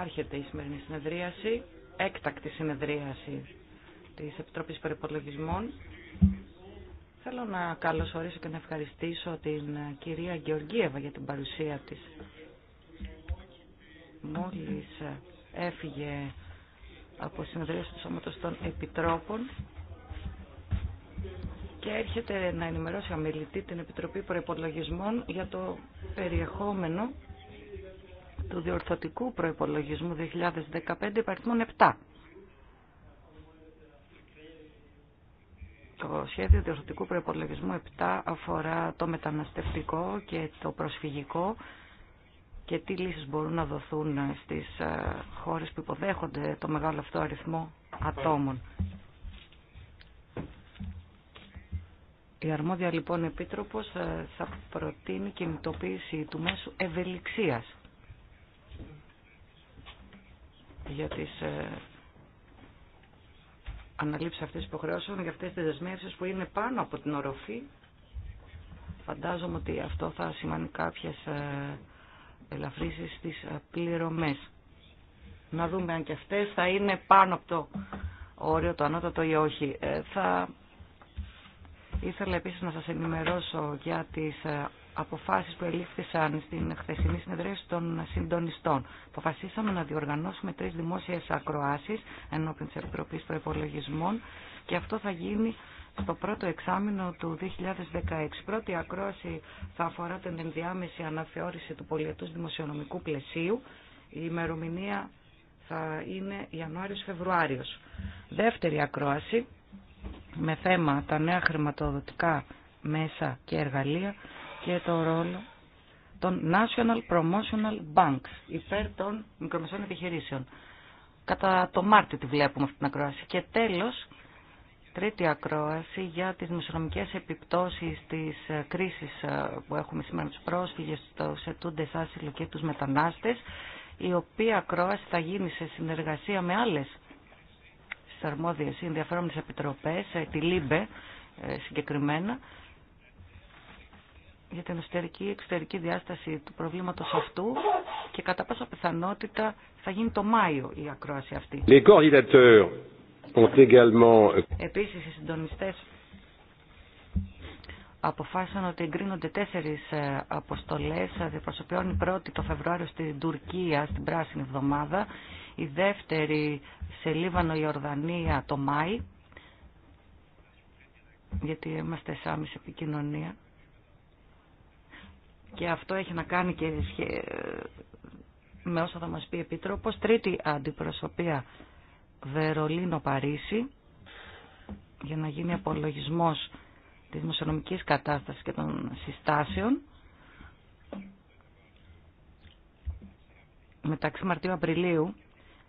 Άρχεται η σημερινή συνεδρίαση, έκτακτη συνεδρίαση της Επιτροπής Περιπολογισμών. Θέλω να καλωσορίσω και να ευχαριστήσω την κυρία Γεωργίευα για την παρουσία της. Μόλις έφυγε από συνεδρίαση του Σώματος των Επιτρόπων και έρχεται να ενημερώσει αμιλητή την Επιτροπή Προϋπολογισμών για το περιεχόμενο του διορθωτικού προϋπολογισμού 2015 υπαριθμούν 7. Το σχέδιο διορθωτικού προϋπολογισμού 7 αφορά το μεταναστευτικό και το προσφυγικό και τι λύσεις μπορούν να δοθούν στις ε, χώρες που υποδέχονται το μεγάλο αυτό αριθμό ατόμων. Η αρμόδια λοιπόν επίτροπος ε, θα προτείνει κινητοποίηση του μέσου ευελιξίας για τις ε, αναλήψεις αυτές υποχρεώσεων, για αυτές τις δεσμεύσεις που είναι πάνω από την οροφή. Φαντάζομαι ότι αυτό θα σημαίνει κάποιες ε, ελαφρύσεις στις ε, πληρωμές. Να δούμε αν και αυτές θα είναι πάνω από το όριο, το ανώτατο ή όχι. Ε, θα ήθελα επίσης να σας ενημερώσω για τις ε, Αποφάσει που ελήφθησαν στην χθεσινή συνεδρίαση των συντονιστών. Αποφασίσαμε να διοργανώσουμε τρει δημόσιε ακρόασει ενώπιν τη Επιτροπή Προπολογισμών και αυτό θα γίνει στο πρώτο εξάμεινο του 2016. Η Πρώτη ακρόαση θα αφορά την ενδιάμεση αναθεώρηση του πολιετού δημοσιονομικού πλαισίου. Η ημερομηνία θα ειναι ιανουαριο Ιανουάριο-φεβρουάριο. Δεύτερη ακρόαση με θέμα τα νέα χρηματοδοτικά μέσα και εργαλεία και το ρόλο των National Promotional Banks υπέρ των μικρομεσαίων επιχειρήσεων. Κατά το Μάρτιο τη βλέπουμε αυτή την ακρόαση. Και τέλος, τρίτη ακρόαση για τις μεσονομικές επιπτώσεις της ε, κρίσης ε, που έχουμε σήμερα με τους πρόσφυγες, τους ετούντες άσυλο και τους μετανάστες, η οποία ακρόαση θα γίνει σε συνεργασία με άλλες στις αρμόδιες ενδιαφέρομενες επιτροπές, ε, τη ΛΥΜΠΕ συγκεκριμένα, για την εσωτερική εξωτερική διάσταση του προβλήματος αυτού και κατά πάσα πιθανότητα θα γίνει το Μάιο η ακρόαση αυτή. Επίσης οι συντονιστές αποφάσισαν ότι εγκρίνονται τέσσερις ε, αποστολές, ε, διαπροσωπιών η πρώτη το Φεβρουάριο στην Τουρκία, στην Πράσινη Εβδομάδα, η δεύτερη σε Λίβανο, η Ορδανία το Μάη, γιατί είμαστε σε επικοινωνία και αυτό έχει να κάνει και με όσα θα μας πει Επίτροπος. Τρίτη αντιπροσωπεία Βερολίνο-Παρίσι για να γίνει απολογισμός της δημοσιονομικής κατάστασης και των συστάσεων. Μεταξύ Μαρτίου-Απριλίου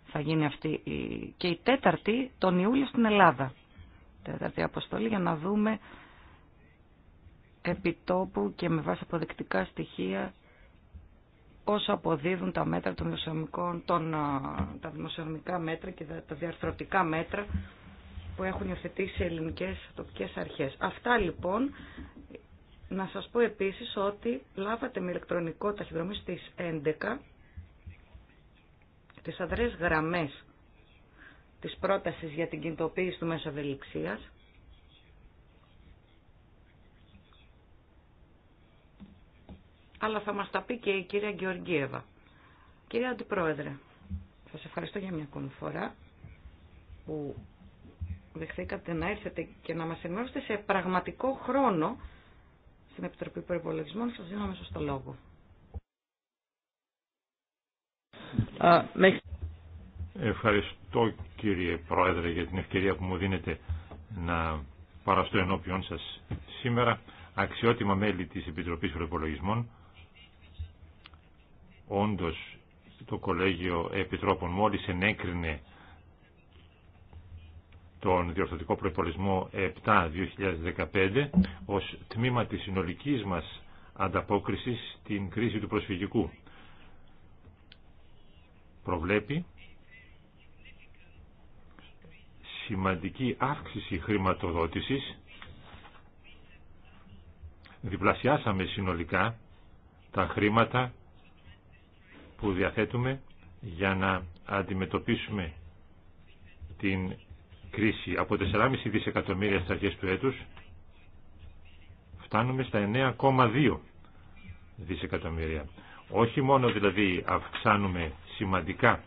θα γίνει αυτή και η τέταρτη τον Ιούλιο στην Ελλάδα. Τέταρτη αποστολή για να δούμε επιτόπου και με βάση αποδεκτικά στοιχεία όσο αποδίδουν τα μέτρα των δημοσιονομικών, των, τα δημοσιονομικά μέτρα και τα διαρθρωτικά μέτρα που έχουν υιοθετήσει οι ελληνικές τοπικές αρχές. Αυτά λοιπόν, να σας πω επίσης ότι λάβατε με ηλεκτρονικό ταχυδρομή στις 11 τις αδρές γραμμές της πρότασης για την κινητοποίηση του μέσου ευελιξίας αλλά θα μας τα πει και η κυρία Γεωργίευα. Κυρία Αντιπρόεδρε, σας ευχαριστώ για μια ακόμη φορά που δεχθήκατε να έρθετε και να μας ενημερώσετε σε πραγματικό χρόνο στην Επιτροπή Προϋπολογισμών. Σας δίνω αμέσως το λόγο. Ευχαριστώ κύριε Πρόεδρε για την ευκαιρία που μου δίνετε να παραστώ ενώπιον σας σήμερα αξιότιμα μέλη της Επιτροπής Προπολογισμών. Όντως το Κολέγιο Επιτρόπων μόλις ενέκρινε τον διορθωτικό προϋπολισμό 7-2015 ως τμήμα της συνολικής μας ανταπόκρισης στην κρίση του προσφυγικού. Προβλέπει σημαντική αύξηση χρηματοδότησης. Διπλασιάσαμε συνολικά τα χρήματα που διαθέτουμε για να αντιμετωπίσουμε την κρίση. Από 4,5 δισεκατομμύρια στις αρχές του έτους φτάνουμε στα 9,2 δισεκατομμύρια. Όχι μόνο δηλαδή αυξάνουμε σημαντικά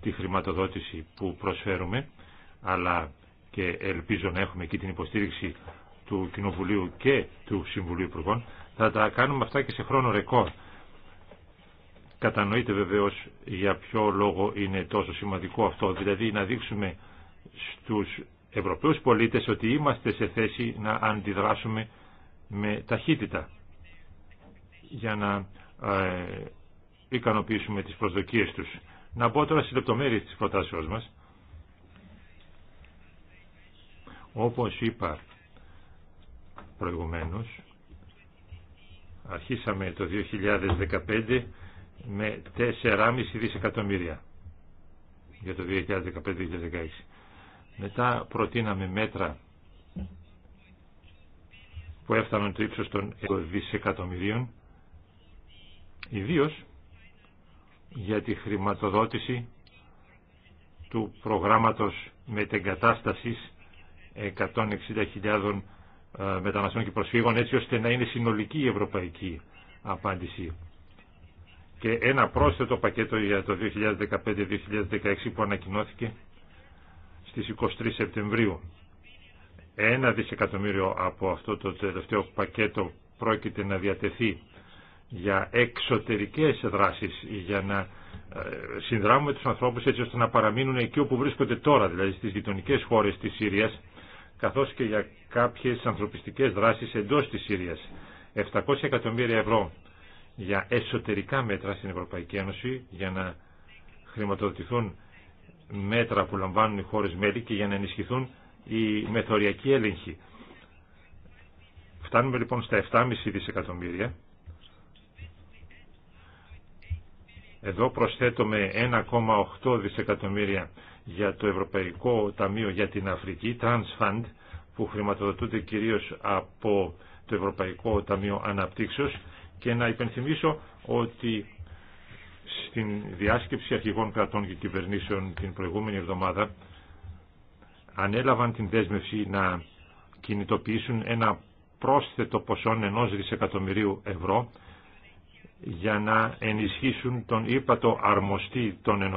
τη χρηματοδότηση που προσφέρουμε, αλλά και ελπίζω να έχουμε εκεί την υποστήριξη του Κοινοβουλίου και του Συμβουλίου Υπουργών, θα τα κάνουμε αυτά και σε χρόνο ρεκόρ Κατανοείται βεβαίως για ποιο λόγο είναι τόσο σημαντικό αυτό, δηλαδή να δείξουμε στους Ευρωπαίου πολίτες ότι είμαστε σε θέση να αντιδράσουμε με ταχύτητα για να ε, ικανοποιήσουμε τις προσδοκίες τους. Να πω τώρα στις λεπτομέρειες της προτάσεως μας. Όπως είπα προηγουμένως, αρχίσαμε το 2015 με 4,5 δισεκατομμύρια για το 2015-2016. Μετά προτείναμε μέτρα που έφταναν το ύψος των δισεκατομμυρίων, ιδίως για τη χρηματοδότηση του προγράμματος μετεγκατάστασης 160.000 ε, μεταναστών και προσφύγων έτσι ώστε να είναι συνολική η ευρωπαϊκή απάντηση και ένα πρόσθετο πακέτο για το 2015-2016 που ανακοινώθηκε στις 23 Σεπτεμβρίου. Ένα δισεκατομμύριο από αυτό το τελευταίο πακέτο πρόκειται να διατεθεί για εξωτερικές δράσεις, για να ε, συνδράμουμε τους ανθρώπους έτσι ώστε να παραμείνουν εκεί όπου βρίσκονται τώρα, δηλαδή στις γειτονικέ χώρες της Συρίας, καθώς και για κάποιες ανθρωπιστικές δράσεις εντός της Συρίας. 700 εκατομμύρια ευρώ για εσωτερικά μέτρα στην Ευρωπαϊκή Ένωση για να χρηματοδοτηθούν μέτρα που λαμβάνουν οι χώρες μέλη και για να ενισχυθούν οι μεθοριακοί έλεγχοι. Φτάνουμε λοιπόν στα 7,5 δισεκατομμύρια. Εδώ προσθέτουμε 1,8 δισεκατομμύρια για το Ευρωπαϊκό Ταμείο για την Αφρική, Transfund, που χρηματοδοτούνται κυρίως από το Ευρωπαϊκό Ταμείο Αναπτύξεως και να υπενθυμίσω ότι στην διάσκεψη αρχηγών κρατών και κυβερνήσεων την προηγούμενη εβδομάδα ανέλαβαν την δέσμευση να κινητοποιήσουν ένα πρόσθετο ποσό ενός δισεκατομμυρίου ευρώ για να ενισχύσουν τον ύπατο αρμοστή των ΕΕ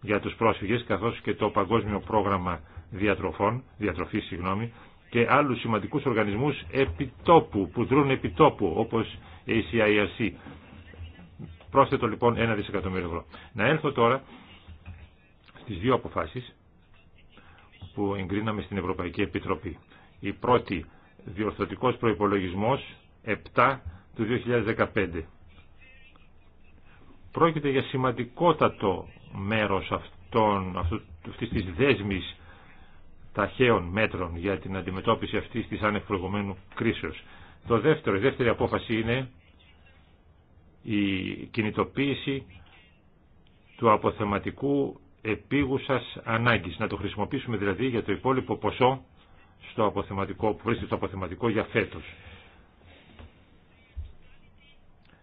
για τους πρόσφυγες καθώς και το Παγκόσμιο Πρόγραμμα Διατροφών, Διατροφής συγγνώμη, και άλλους σημαντικούς οργανισμούς επιτόπου, που δρούν επιτόπου όπως ACIRC. Πρόσθετο λοιπόν ένα δισεκατομμύριο ευρώ. Να έλθω τώρα στις δύο αποφάσεις που εγκρίναμε στην Ευρωπαϊκή Επιτροπή. Η πρώτη, διορθωτικός προϋπολογισμός 7 του 2015. Πρόκειται για σημαντικότατο μέρος αυτών, αυτής της δέσμης ταχαίων μέτρων για την αντιμετώπιση αυτής της ανευπροηγουμένου κρίσεως. Το δεύτερο, η δεύτερη απόφαση είναι η κινητοποίηση του αποθεματικού επίγουσας ανάγκης. Να το χρησιμοποιήσουμε δηλαδή για το υπόλοιπο ποσό στο αποθεματικό, που βρίσκεται στο αποθεματικό για φέτος.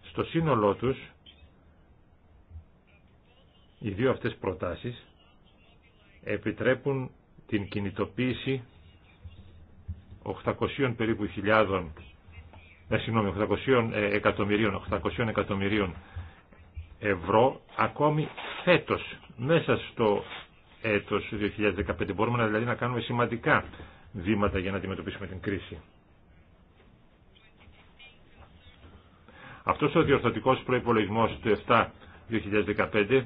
Στο σύνολό τους, οι δύο αυτές προτάσεις επιτρέπουν την κινητοποίηση 800 περίπου χιλιάδων ε, συγγνώμη, 800 ε, εκατομμυρίων, 800 ευρώ ακόμη φέτος, μέσα στο έτος 2015. Μπορούμε να, δηλαδή να κάνουμε σημαντικά βήματα για να αντιμετωπίσουμε την κρίση. Αυτός ο διορθωτικός προϋπολογισμός του 7-2015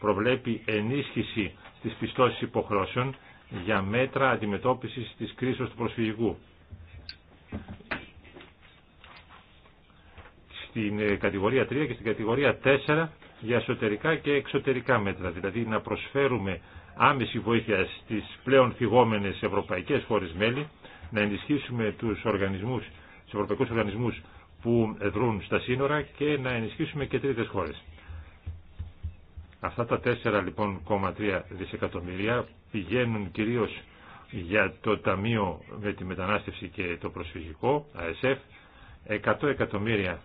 προβλέπει ενίσχυση στις πιστώσεις υποχρώσεων για μέτρα αντιμετώπισης της κρίσης του προσφυγικού. στην ε, κατηγορία 3 και στην κατηγορία 4 για εσωτερικά και εξωτερικά μέτρα. Δηλαδή να προσφέρουμε άμεση βοήθεια στις πλέον θυγόμενες ευρωπαϊκές χώρες μέλη, να ενισχύσουμε τους, οργανισμούς, τους ευρωπαϊκούς οργανισμούς που δρούν στα σύνορα και να ενισχύσουμε και τρίτες χώρες. Αυτά τα 4,3 λοιπόν, δισεκατομμύρια πηγαίνουν κυρίως για το Ταμείο με τη Μετανάστευση και το Προσφυγικό, ΑΕΣΕΦ, 100 εκατομμύρια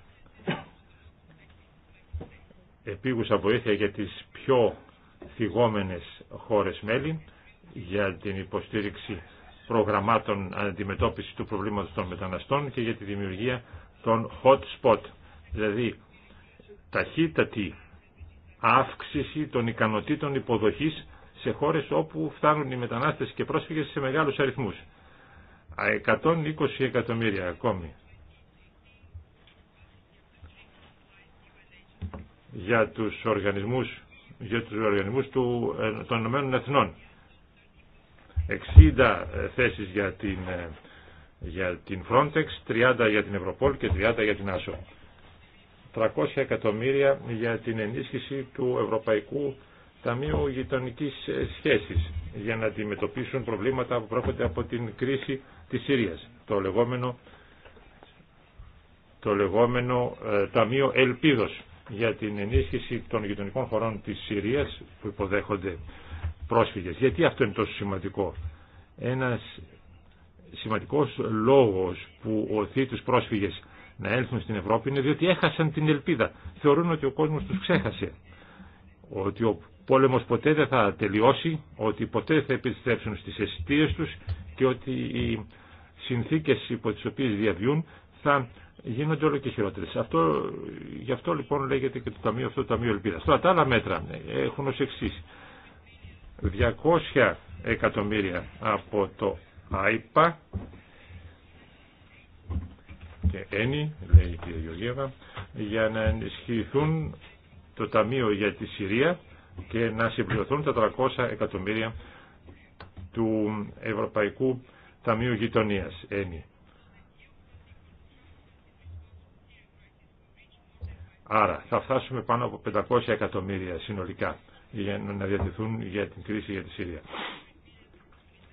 επίγουσα βοήθεια για τις πιο θυγόμενες χώρες μέλη για την υποστήριξη προγραμμάτων αντιμετώπισης του προβλήματος των μεταναστών και για τη δημιουργία των hot spot, δηλαδή ταχύτατη αύξηση των ικανοτήτων υποδοχής σε χώρες όπου φτάνουν οι μετανάστες και πρόσφυγες σε μεγάλους αριθμούς. 120 εκατομμύρια ακόμη για τους οργανισμούς, για τους οργανισμούς του, ε, των Ηνωμένων Εθνών. 60 ε, θέσεις για την, ε, για την Frontex, 30 για την Ευρωπόλ και 30 για την ΑΣΟ. 300 εκατομμύρια για την ενίσχυση του Ευρωπαϊκού Ταμείου Γειτονικής Σχέσης για να αντιμετωπίσουν προβλήματα που πρόκειται από την κρίση της Συρίας. Το λεγόμενο, το λεγόμενο Ταμείο Ελπίδος για την ενίσχυση των γειτονικών χωρών της Συρίας που υποδέχονται πρόσφυγες. Γιατί αυτό είναι τόσο σημαντικό. Ένας σημαντικός λόγος που οθεί τους πρόσφυγες να έλθουν στην Ευρώπη είναι διότι έχασαν την ελπίδα. Θεωρούν ότι ο κόσμος τους ξέχασε. Ότι ο πόλεμος ποτέ δεν θα τελειώσει, ότι ποτέ θα επιστρέψουν στις αισθητήρες τους και ότι οι συνθήκες υπό τις οποίες διαβιούν θα γίνονται όλο και χειρότερε. Αυτό, γι' αυτό λοιπόν λέγεται και το Ταμείο αυτό, το Ταμείο Ελπίδα. Τώρα τα άλλα μέτρα ναι, έχουν ω εξή. 200 εκατομμύρια από το ΑΙΠΑ και ΕΝΗ, λέει η κυρία Γεωργίευα, για να ενισχυθούν το Ταμείο για τη Συρία και να συμπληρωθούν τα 300 εκατομμύρια του Ευρωπαϊκού Ταμείου Γειτονίας, ΕΝΗ. Άρα θα φτάσουμε πάνω από 500 εκατομμύρια συνολικά για να διατηθούν για την κρίση για τη Συρία.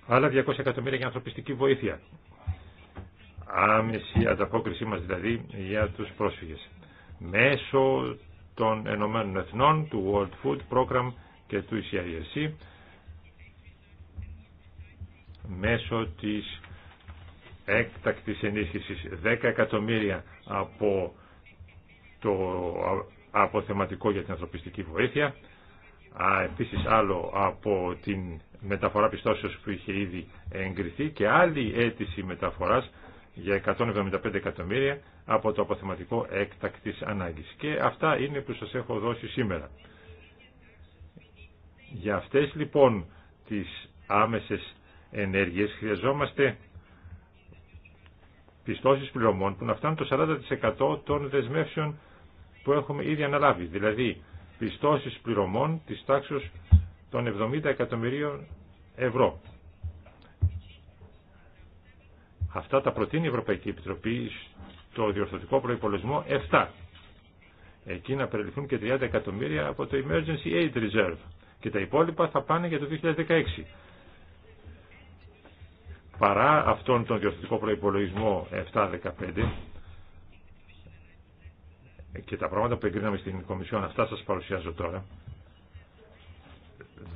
Άλλα 200 εκατομμύρια για ανθρωπιστική βοήθεια. Άμεση ανταπόκρισή μας δηλαδή για τους πρόσφυγες. Μέσω των Ενωμένων Εθνών, του World Food Program και του ECIRC μέσω της έκτακτης ενίσχυσης 10 εκατομμύρια από το αποθεματικό για την ανθρωπιστική βοήθεια, επίση επίσης άλλο από την μεταφορά πιστώσεως που είχε ήδη εγκριθεί και άλλη αίτηση μεταφοράς για 175 εκατομμύρια από το αποθεματικό έκτακτης ανάγκης. Και αυτά είναι που σας έχω δώσει σήμερα. Για αυτές λοιπόν τις άμεσες ενέργειες χρειαζόμαστε πιστώσεις πληρωμών που να φτάνουν το 40% των δεσμεύσεων που έχουμε ήδη αναλάβει, δηλαδή πιστώσεις πληρωμών της τάξης των 70 εκατομμυρίων ευρώ. Αυτά τα προτείνει η Ευρωπαϊκή Επιτροπή στο διορθωτικό προϋπολογισμό 7. Εκεί να περιληφθούν και 30 εκατομμύρια από το Emergency Aid Reserve και τα υπόλοιπα θα πάνε για το 2016. Παρά αυτόν τον διορθωτικό προϋπολογισμό 7-15, και τα πράγματα που εγκρίναμε στην Κομισιόν, αυτά σας παρουσιάζω τώρα,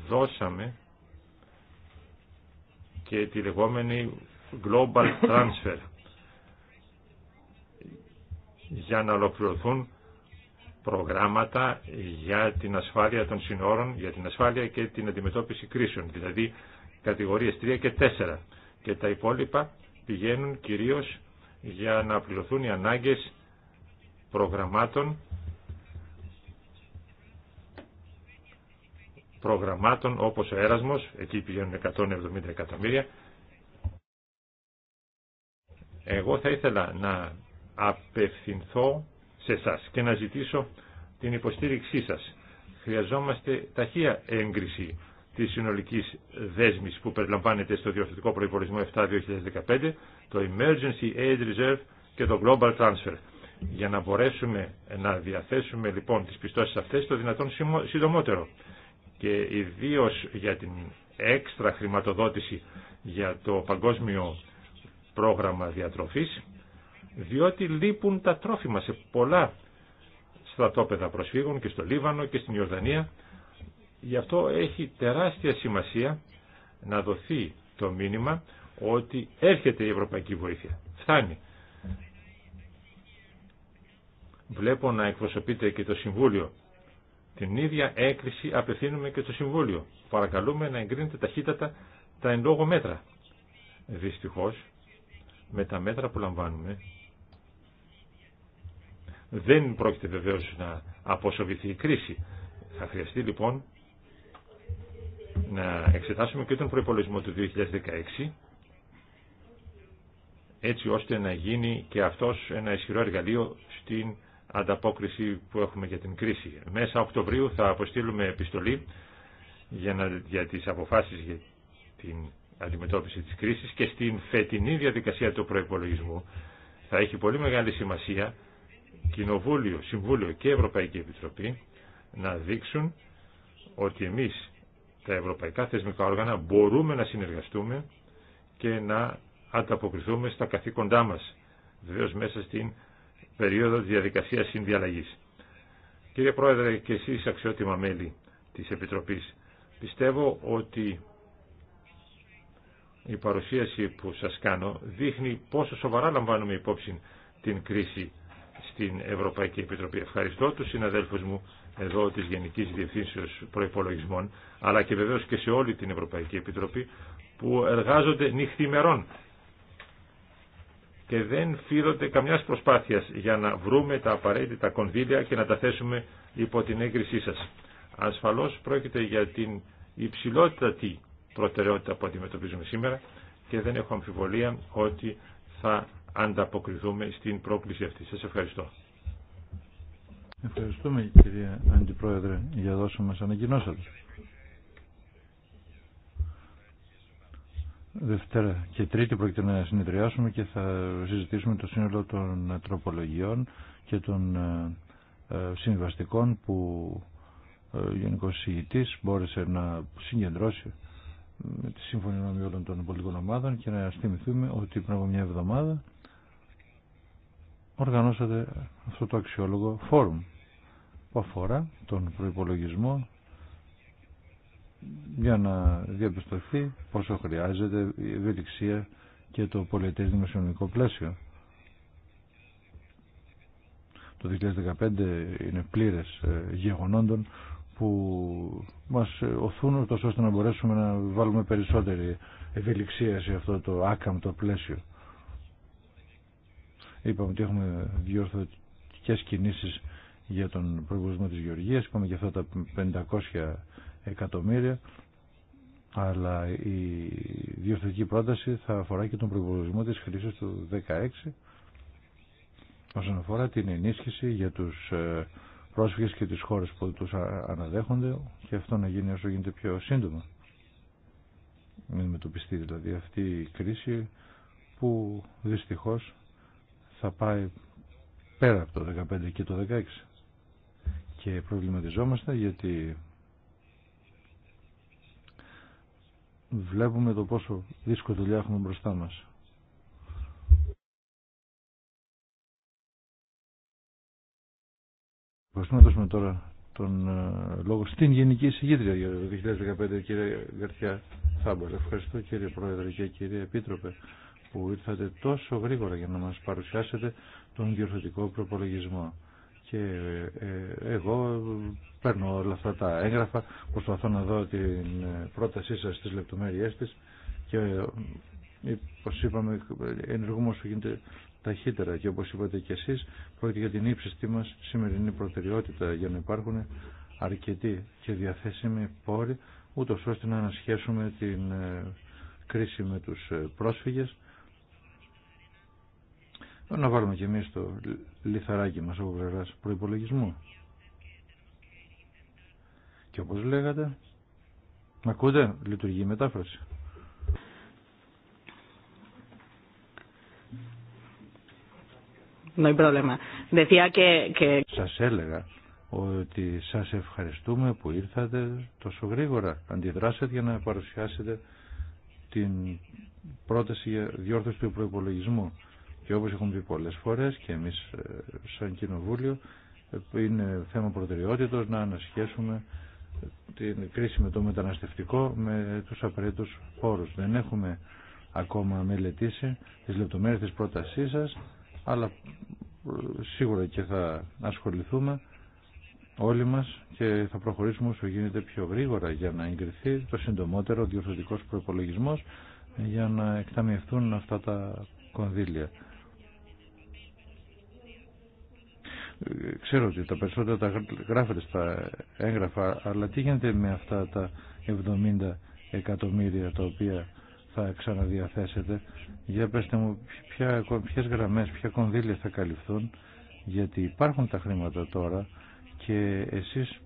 δώσαμε και τη λεγόμενη Global Transfer για να ολοκληρωθούν προγράμματα για την ασφάλεια των συνόρων, για την ασφάλεια και την αντιμετώπιση κρίσεων, δηλαδή κατηγορίες 3 και 4. Και τα υπόλοιπα πηγαίνουν κυρίως για να πληρωθούν οι ανάγκες προγραμμάτων προγραμμάτων όπως ο Έρασμος, εκεί πηγαίνουν 170 εκατομμύρια. Εγώ θα ήθελα να απευθυνθώ σε σας και να ζητήσω την υποστήριξή σας. Χρειαζόμαστε ταχεία έγκριση της συνολικής δέσμης που περιλαμβάνεται στο διορθωτικο προϋπολογισμό προϋπορισμό 7-2015, το Emergency Aid Reserve και το Global Transfer για να μπορέσουμε να διαθέσουμε λοιπόν τις πιστώσεις αυτές το δυνατόν συντομότερο και ιδίως για την έξτρα χρηματοδότηση για το παγκόσμιο πρόγραμμα διατροφής διότι λείπουν τα τρόφιμα σε πολλά στρατόπεδα προσφύγων και στο Λίβανο και στην Ιορδανία γι' αυτό έχει τεράστια σημασία να δοθεί το μήνυμα ότι έρχεται η ευρωπαϊκή βοήθεια φτάνει βλέπω να εκπροσωπείται και το Συμβούλιο. Την ίδια έκκληση απευθύνουμε και στο Συμβούλιο. Παρακαλούμε να εγκρίνετε ταχύτατα τα εν λόγω μέτρα. Δυστυχώς, με τα μέτρα που λαμβάνουμε, δεν πρόκειται βεβαίως να αποσοβηθεί η κρίση. Θα χρειαστεί λοιπόν να εξετάσουμε και τον προϋπολογισμό του 2016 έτσι ώστε να γίνει και αυτός ένα ισχυρό εργαλείο στην ανταπόκριση που έχουμε για την κρίση. Μέσα Οκτωβρίου θα αποστείλουμε επιστολή για, να, για τις αποφάσεις για την αντιμετώπιση της κρίσης και στην φετινή διαδικασία του προϋπολογισμού θα έχει πολύ μεγάλη σημασία Κοινοβούλιο, Συμβούλιο και Ευρωπαϊκή Επιτροπή να δείξουν ότι εμείς τα ευρωπαϊκά θεσμικά όργανα μπορούμε να συνεργαστούμε και να ανταποκριθούμε στα καθήκοντά μας βεβαίως μέσα στην περίοδο διαδικασίας συνδιαλλαγής. Κύριε Πρόεδρε και εσείς αξιότιμα μέλη της Επιτροπής, πιστεύω ότι η παρουσίαση που σας κάνω δείχνει πόσο σοβαρά λαμβάνουμε υπόψη την κρίση στην Ευρωπαϊκή Επιτροπή. Ευχαριστώ τους συναδέλφους μου εδώ της Γενικής Διευθύνσεως Προϋπολογισμών, αλλά και βεβαίως και σε όλη την Ευρωπαϊκή Επιτροπή που εργάζονται νυχθημερών και δεν φύρονται καμιάς προσπάθειας για να βρούμε τα απαραίτητα κονδύλια και να τα θέσουμε υπό την έγκρισή σας. Ασφαλώς πρόκειται για την υψηλότατη προτεραιότητα που αντιμετωπίζουμε σήμερα και δεν έχω αμφιβολία ότι θα ανταποκριθούμε στην πρόκληση αυτή. Σας ευχαριστώ. Ευχαριστούμε κυρία Αντιπρόεδρε για δώσουμε μας ανακοινώσατε. Δευτέρα και Τρίτη πρόκειται να συνεδριάσουμε και θα συζητήσουμε το σύνολο των ε, τροπολογιών και των ε, ε, συμβαστικών που ο Γενικό Συγητή μπόρεσε να σύγκεντρώσει με τη σύμφωνη γνώμη όλων των πολιτικών ομάδων και να θυμηθούμε ότι πριν από μια εβδομάδα οργανώσατε αυτό το αξιόλογο φόρουμ που αφορά τον προπολογισμό για να διαπιστωθεί πόσο χρειάζεται η ευελιξία και το πολιτές δημοσιονομικό πλαίσιο. Το 2015 είναι πλήρες ε, γεγονόντων που μας ε, οθούν τόσο ώστε να μπορέσουμε να βάλουμε περισσότερη ευελιξία σε αυτό το άκαμπτο πλαίσιο. Είπαμε ότι έχουμε ορθοτικές κινήσεις για τον προηγουσμό της Γεωργίας, είπαμε και αυτά τα 500 εκατομμύρια αλλά η διορθωτική πρόταση θα αφορά και τον προπολογισμό της χρήσης του 16 όσον αφορά την ενίσχυση για τους ε, πρόσφυγες και τις χώρες που τους αναδέχονται και αυτό να γίνει όσο γίνεται πιο σύντομα. Μην μετοπιστεί δηλαδή αυτή η κρίση που δυστυχώς θα πάει πέρα από το 15 και το 16. Και προβληματιζόμαστε γιατί βλέπουμε το πόσο δύσκολη δουλειά έχουμε μπροστά μας. Ευχαριστούμε να τώρα τον ε, λόγο στην Γενική Συγκίτρια για το 2015, κύριε Γαρτιά Θάμπορ. Ευχαριστώ κύριε Πρόεδρε και κύριε Επίτροπε που ήρθατε τόσο γρήγορα για να μας παρουσιάσετε τον διορθωτικό προπολογισμό και ε, εγώ παίρνω όλα αυτά τα έγγραφα, προσπαθώ να δω την ε, πρότασή σας στις λεπτομέρειές της και ε, όπως είπαμε ενεργούμε όσο γίνεται ταχύτερα και όπως είπατε και εσείς πρόκειται για την ύψιστή μας σημερινή προτεραιότητα για να υπάρχουν αρκετοί και διαθέσιμοι πόροι ούτως ώστε να ανασχέσουμε την κρίση με τους πρόσφυγες να βάλουμε και εμείς το λιθαράκι μας από πλευράς προϋπολογισμού. Και όπως λέγατε, με ακούτε, λειτουργεί η μετάφραση. No problema. Decía que, Σας έλεγα ότι σας ευχαριστούμε που ήρθατε τόσο γρήγορα. Αντιδράσετε για να παρουσιάσετε την πρόταση για διόρθωση του προϋπολογισμού. Και όπως έχουμε πει πολλές φορές και εμείς ε, σαν Κοινοβούλιο ε, είναι θέμα προτεραιότητας να ανασχέσουμε την κρίση με το μεταναστευτικό με τους απαραίτητους πόρους. Δεν έχουμε ακόμα μελετήσει τις λεπτομέρειες της πρότασής σας, αλλά ε, σίγουρα και θα ασχοληθούμε όλοι μας και θα προχωρήσουμε όσο γίνεται πιο γρήγορα για να εγκριθεί το συντομότερο διορθωτικός προπολογισμό για να εκταμιευτούν αυτά τα κονδύλια. Ξέρω ότι τα περισσότερα τα γράφετε στα έγγραφα, αλλά τι γίνεται με αυτά τα 70 εκατομμύρια τα οποία θα ξαναδιαθέσετε. Για πέστε μου ποια, ποιες γραμμές, ποια κονδύλια θα καλυφθούν, γιατί υπάρχουν τα χρήματα τώρα και εσείς ε,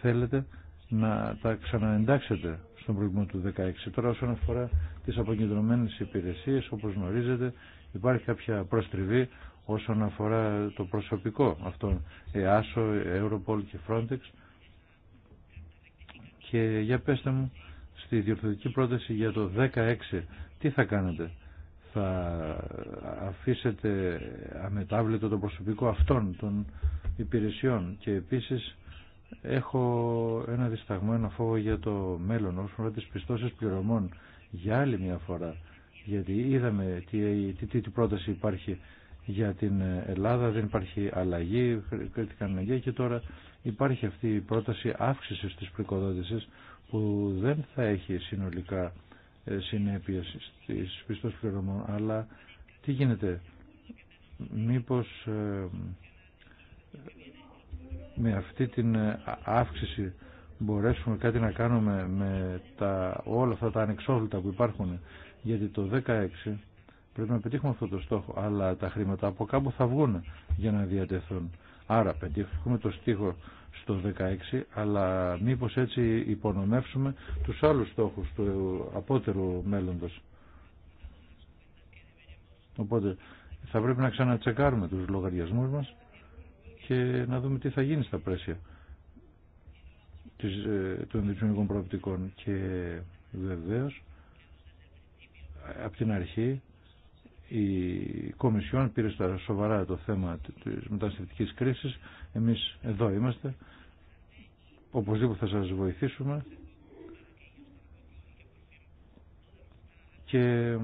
θέλετε να τα ξαναεντάξετε στον προηγούμενο του 16. Τώρα όσον αφορά τις αποκεντρωμένες υπηρεσίες, όπως γνωρίζετε, υπάρχει κάποια προστριβή όσον αφορά το προσωπικό αυτόν, ΕΑΣΟ, Europol και Frontex και για πέστε μου στη διορθωτική πρόταση για το 16 τι θα κάνετε θα αφήσετε αμετάβλητο το προσωπικό αυτών των υπηρεσιών και επίσης έχω ένα δισταγμένο φόβο για το μέλλον όσον αφορά τις πιστώσεις πληρωμών για άλλη μια φορά γιατί είδαμε τι, τι, τι, τι πρόταση υπάρχει για την Ελλάδα, δεν υπάρχει αλλαγή, κρίθηκαν αλλαγή και τώρα υπάρχει αυτή η πρόταση αύξησης της πληκοδότησης που δεν θα έχει συνολικά ε, συνέπειες στις πιστός πληρωμών, αλλά τι γίνεται, μήπως ε, με αυτή την αύξηση μπορέσουμε κάτι να κάνουμε με τα, όλα αυτά τα ανεξόφλητα που υπάρχουν, γιατί το 16 Πρέπει να πετύχουμε αυτό το στόχο, αλλά τα χρήματα από κάπου θα βγουν για να διατεθούν. Άρα πετύχουμε το στίχο στο 16, αλλά μήπως έτσι υπονομεύσουμε τους άλλους στόχους του απότερου μέλλοντος. Οπότε θα πρέπει να ξανατσεκάρουμε τους λογαριασμούς μας και να δούμε τι θα γίνει στα πλαίσια ε, των διευθυντικών προοπτικών. Και βεβαίως από την αρχή η Κομισιόν πήρε στα σοβαρά το θέμα της μεταναστευτικής κρίσης. Εμείς εδώ είμαστε. Οπωσδήποτε θα σας βοηθήσουμε. Και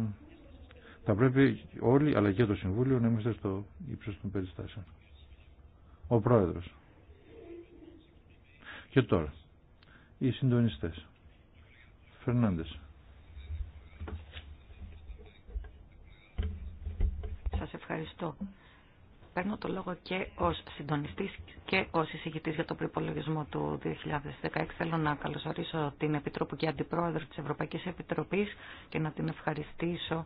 θα πρέπει όλοι, αλλά και το Συμβούλιο, να είμαστε στο ύψος των περιστάσεων. Ο Πρόεδρος. Και τώρα, οι συντονιστές. Φερνάντες. Σας ευχαριστώ. Παίρνω το λόγο και ως συντονιστής και ως εισηγητής για το προϋπολογισμό του 2016. Θέλω να καλωσορίσω την Επιτρόπου και Αντιπρόεδρο της Ευρωπαϊκής Επιτροπής και να την ευχαριστήσω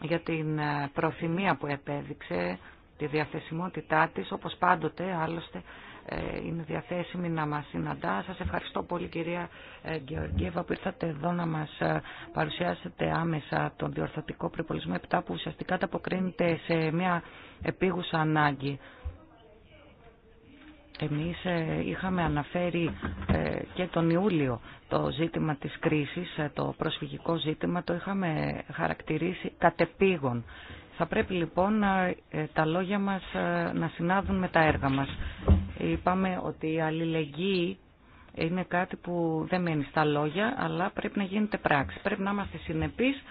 για την ε, προθυμία που επέδειξε, τη διαθεσιμότητά της, όπως πάντοτε άλλωστε ε, είναι διαθέσιμη να μας συναντά. Σας ευχαριστώ πολύ κυρία ε, Γεωργίευα που ήρθατε εδώ να μας ε, παρουσιάσετε άμεσα τον διορθωτικό προπολισμό 7 που ουσιαστικά τα σε μια επίγουσα ανάγκη. Εμείς είχαμε αναφέρει και τον Ιούλιο το ζήτημα της κρίσης, το προσφυγικό ζήτημα, το είχαμε χαρακτηρίσει κατεπήγον θα πρέπει λοιπόν να, ε, ε, τα λόγια μας ε, να συνάδουν με τα έργα μας. Είπαμε ότι η αλληλεγγύη είναι κάτι που δεν μένει στα λόγια, αλλά πρέπει να γίνεται πράξη. Πρέπει να είμαστε συνεπείς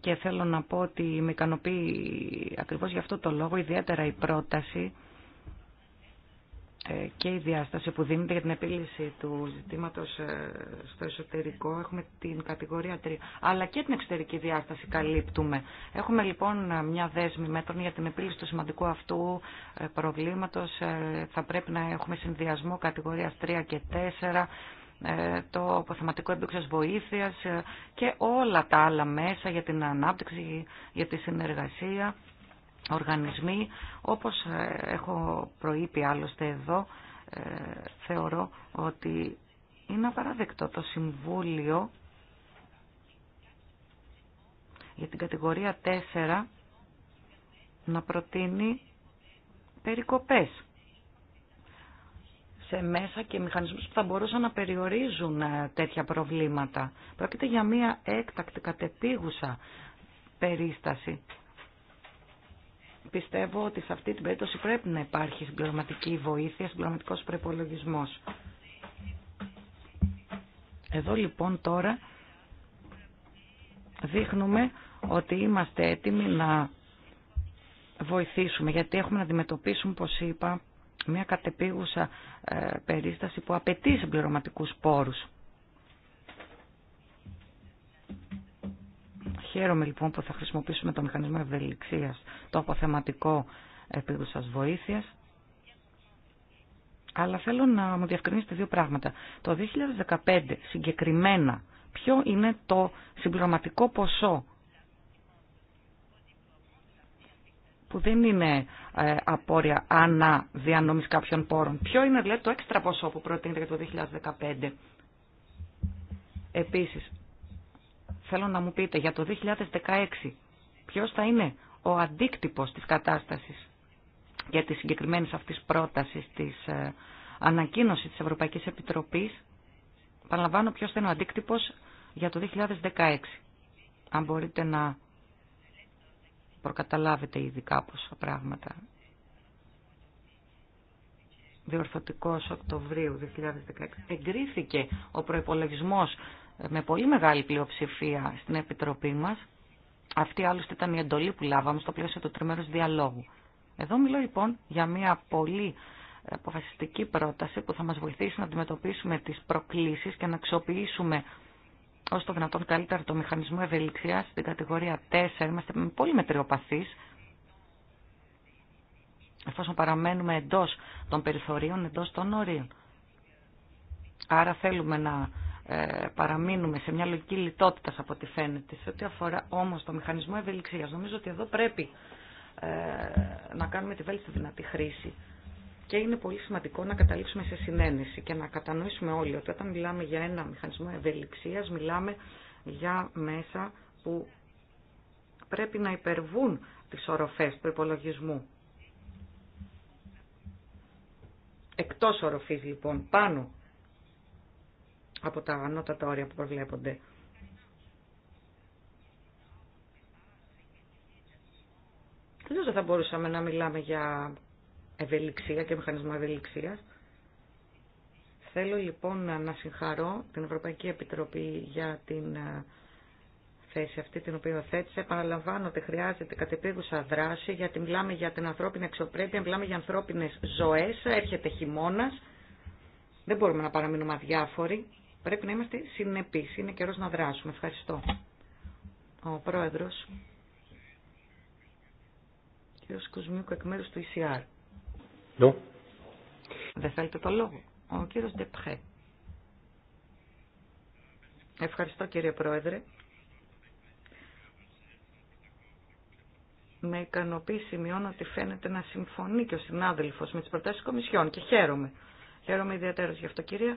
και θέλω να πω ότι με ικανοποιεί ακριβώς γι' αυτό το λόγο ιδιαίτερα η πρόταση ε, και η διάσταση που δίνεται για την επίλυση του ζητήματος ε, στο εσωτερικό, έχουμε την κατηγορία 3, αλλά και την εξωτερική διάσταση καλύπτουμε. Έχουμε λοιπόν μια δέσμη μέτρων για την επίλυση του σημαντικού αυτού ε, προβλήματος. Θα πρέπει να έχουμε συνδυασμό κατηγορίας 3 και 4, το αποθεματικό έμπλεξης βοήθειας και όλα τα άλλα μέσα για την ανάπτυξη, για τη συνεργασία οργανισμοί, όπως ε, έχω προείπει άλλωστε εδώ, ε, θεωρώ ότι είναι απαραδεκτό το Συμβούλιο για την κατηγορία 4 να προτείνει περικοπές σε μέσα και μηχανισμούς που θα μπορούσαν να περιορίζουν ε, τέτοια προβλήματα. Πρόκειται για μια έκτακτη κατεπίγουσα περίσταση Πιστεύω ότι σε αυτή την περίπτωση πρέπει να υπάρχει συμπληρωματική βοήθεια, συμπληρωματικός προπολογισμό. Εδώ λοιπόν τώρα δείχνουμε ότι είμαστε έτοιμοι να βοηθήσουμε, γιατί έχουμε να αντιμετωπίσουμε, όπως είπα, μια κατεπίγουσα ε, περίσταση που απαιτεί συμπληρωματικούς πόρους. Χαίρομαι λοιπόν που θα χρησιμοποιήσουμε το μηχανισμό ευελιξίας, το αποθεματικό επίδουσας βοήθειας. Αλλά θέλω να μου διευκρινίσετε δύο πράγματα. Το 2015 συγκεκριμένα ποιο είναι το συμπληρωματικό ποσό που δεν είναι ε, απόρρια ανά διανομής κάποιων πόρων. Ποιο είναι δηλαδή το έξτρα ποσό που προτείνεται για το 2015. Επίσης, θέλω να μου πείτε για το 2016 ποιος θα είναι ο αντίκτυπος της κατάστασης για τη συγκεκριμένη αυτής πρότασης της ε, ανακοίνωσης της Ευρωπαϊκής Επιτροπής. Παραλαμβάνω ποιος θα είναι ο αντίκτυπος για το 2016. Αν μπορείτε να προκαταλάβετε ήδη κάπως τα πράγματα. Διορθωτικός Οκτωβρίου 2016 εγκρίθηκε ο προϋπολογισμός με πολύ μεγάλη πλειοψηφία στην Επιτροπή μας. Αυτή άλλωστε ήταν η εντολή που λάβαμε στο πλαίσιο του τριμέρους διαλόγου. Εδώ μιλώ λοιπόν για μια πολύ αποφασιστική πρόταση που θα μας βοηθήσει να αντιμετωπίσουμε τις προκλήσεις και να αξιοποιήσουμε όσο το δυνατόν καλύτερα το μηχανισμό ευελιξίας στην κατηγορία 4. Είμαστε πολύ μετριοπαθείς εφόσον παραμένουμε εντός των περιθωρίων, εντός των όριων. Άρα θέλουμε να ε, παραμείνουμε σε μια λογική λιτότητα από ό,τι φαίνεται. Σε ό,τι αφορά όμως το μηχανισμό ευελιξίας, νομίζω ότι εδώ πρέπει ε, να κάνουμε τη βέλτιστη δυνατή χρήση. Και είναι πολύ σημαντικό να καταλήξουμε σε συνένεση και να κατανοήσουμε όλοι ότι όταν μιλάμε για ένα μηχανισμό ευελιξία, μιλάμε για μέσα που πρέπει να υπερβούν τις οροφές του υπολογισμού. Εκτός οροφής λοιπόν, πάνω από τα ανώτατα όρια που προβλέπονται. Αλλιώς δεν θα μπορούσαμε να μιλάμε για ευελιξία και μηχανισμό ευελιξίας. Θέλω λοιπόν να συγχαρώ την Ευρωπαϊκή Επιτροπή για την ε, θέση αυτή την οποία θέτησε. Επαναλαμβάνω ότι χρειάζεται κατεπίγουσα δράση γιατί μιλάμε για την ανθρώπινη εξωπρέπεια, μιλάμε για ανθρώπινες ζωές, έρχεται χειμώνα. Δεν μπορούμε να παραμείνουμε αδιάφοροι. Πρέπει να είμαστε συνεπείς. Είναι καιρός να δράσουμε. Ευχαριστώ. Ο πρόεδρος, Κύριος Κουσμίουκ, εκ μέρους του ECR. Δεν θέλετε το λόγο. Ο κύριος Ντεπχέ. Ευχαριστώ κύριε Πρόεδρε. Με ικανοποίηση σημειώνω ότι φαίνεται να συμφωνεί και ο συνάδελφος με τις προτάσεις της Κομισιόν και χαίρομαι. Χαίρομαι ιδιαίτερα γι' αυτό κυρία.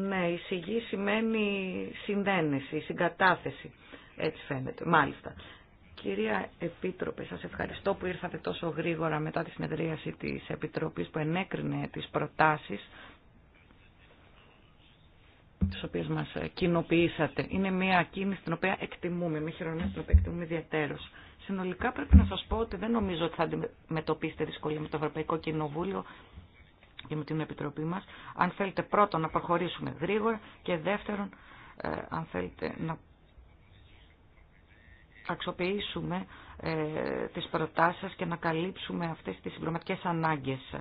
Ναι, η σιγή σημαίνει συνδένεση, συγκατάθεση. Έτσι φαίνεται, μάλιστα. Κυρία Επίτροπε, σας ευχαριστώ που ήρθατε τόσο γρήγορα μετά τη συνεδρίαση της Επιτροπής που ενέκρινε τις προτάσεις τις οποίες μας κοινοποιήσατε. Είναι μια κίνηση την οποία εκτιμούμε, μια χειρονομία την οποία εκτιμούμε ιδιαίτερως. Συνολικά πρέπει να σας πω ότι δεν νομίζω ότι θα αντιμετωπίσετε δυσκολία με το Ευρωπαϊκό Κοινοβούλιο και με την Επιτροπή μας, αν θέλετε πρώτον να προχωρήσουμε γρήγορα και δεύτερον, ε, αν θέλετε να αξιοποιήσουμε ε, τις προτάσεις σας και να καλύψουμε αυτές τις συμπληρωματικές ανάγκες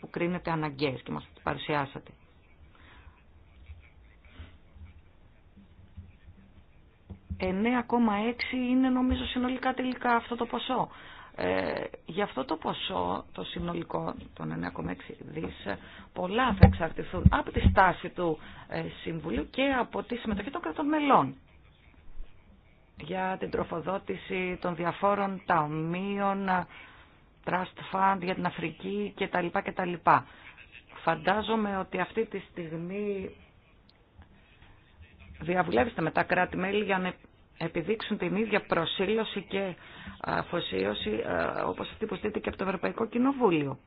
που κρίνεται αναγκαίες και μας παρουσιάσατε. ...9,6 είναι νομίζω συνολικά τελικά αυτό το ποσό. Ε, για αυτό το ποσό, το συνολικό των 9,6 δις, πολλά θα εξαρτηθούν από τη στάση του ε, Συμβουλίου και από τη συμμετοχή των κρατών μελών για την τροφοδότηση των διαφόρων ταμείων, trust fund για την Αφρική κτλ. κτλ. Φαντάζομαι ότι αυτή τη στιγμή διαβουλεύεστε με τα κράτη-μέλη για να επιδείξουν την ίδια προσήλωση και αφοσίωση ε, όπως αυτή που στείλεται και από το Ευρωπαϊκό Κοινοβούλιο.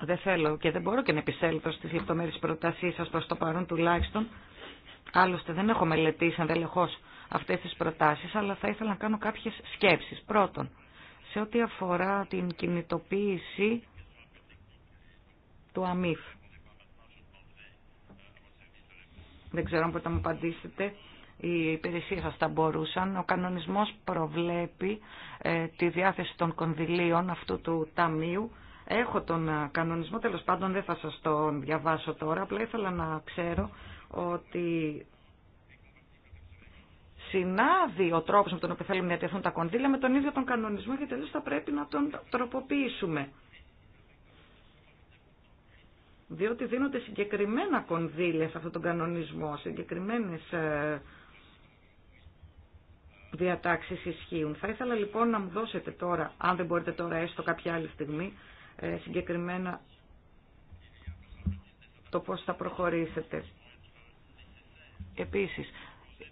Δεν θέλω και δεν μπορώ και να επισέλθω στις λεπτομέρειες προτάσεις σας προς το παρόν τουλάχιστον. Άλλωστε δεν έχω μελετήσει ανδελεχώς αυτές τις προτάσεις, αλλά θα ήθελα να κάνω κάποιες σκέψεις. Πρώτον, σε ό,τι αφορά την κινητοποίηση του ΑΜΥΦ. δεν ξέρω αν μπορείτε να μου απαντήσετε, οι υπηρεσίες σας τα μπορούσαν. Ο κανονισμός προβλέπει ε, τη διάθεση των κονδυλίων αυτού του ταμείου. Έχω τον ε, κανονισμό, τέλος πάντων δεν θα σας τον διαβάσω τώρα, απλά ήθελα να ξέρω ότι συνάδει ο τρόπος με τον οποίο θέλουμε να διατεθούν τα κονδύλια με τον ίδιο τον κανονισμό γιατί τελείως θα πρέπει να τον τροποποιήσουμε διότι δίνονται συγκεκριμένα κονδύλια σε αυτόν τον κανονισμό, συγκεκριμένες ε, διατάξεις ισχύουν. Θα ήθελα λοιπόν να μου δώσετε τώρα, αν δεν μπορείτε τώρα έστω κάποια άλλη στιγμή, ε, συγκεκριμένα το πώς θα προχωρήσετε. Επίσης,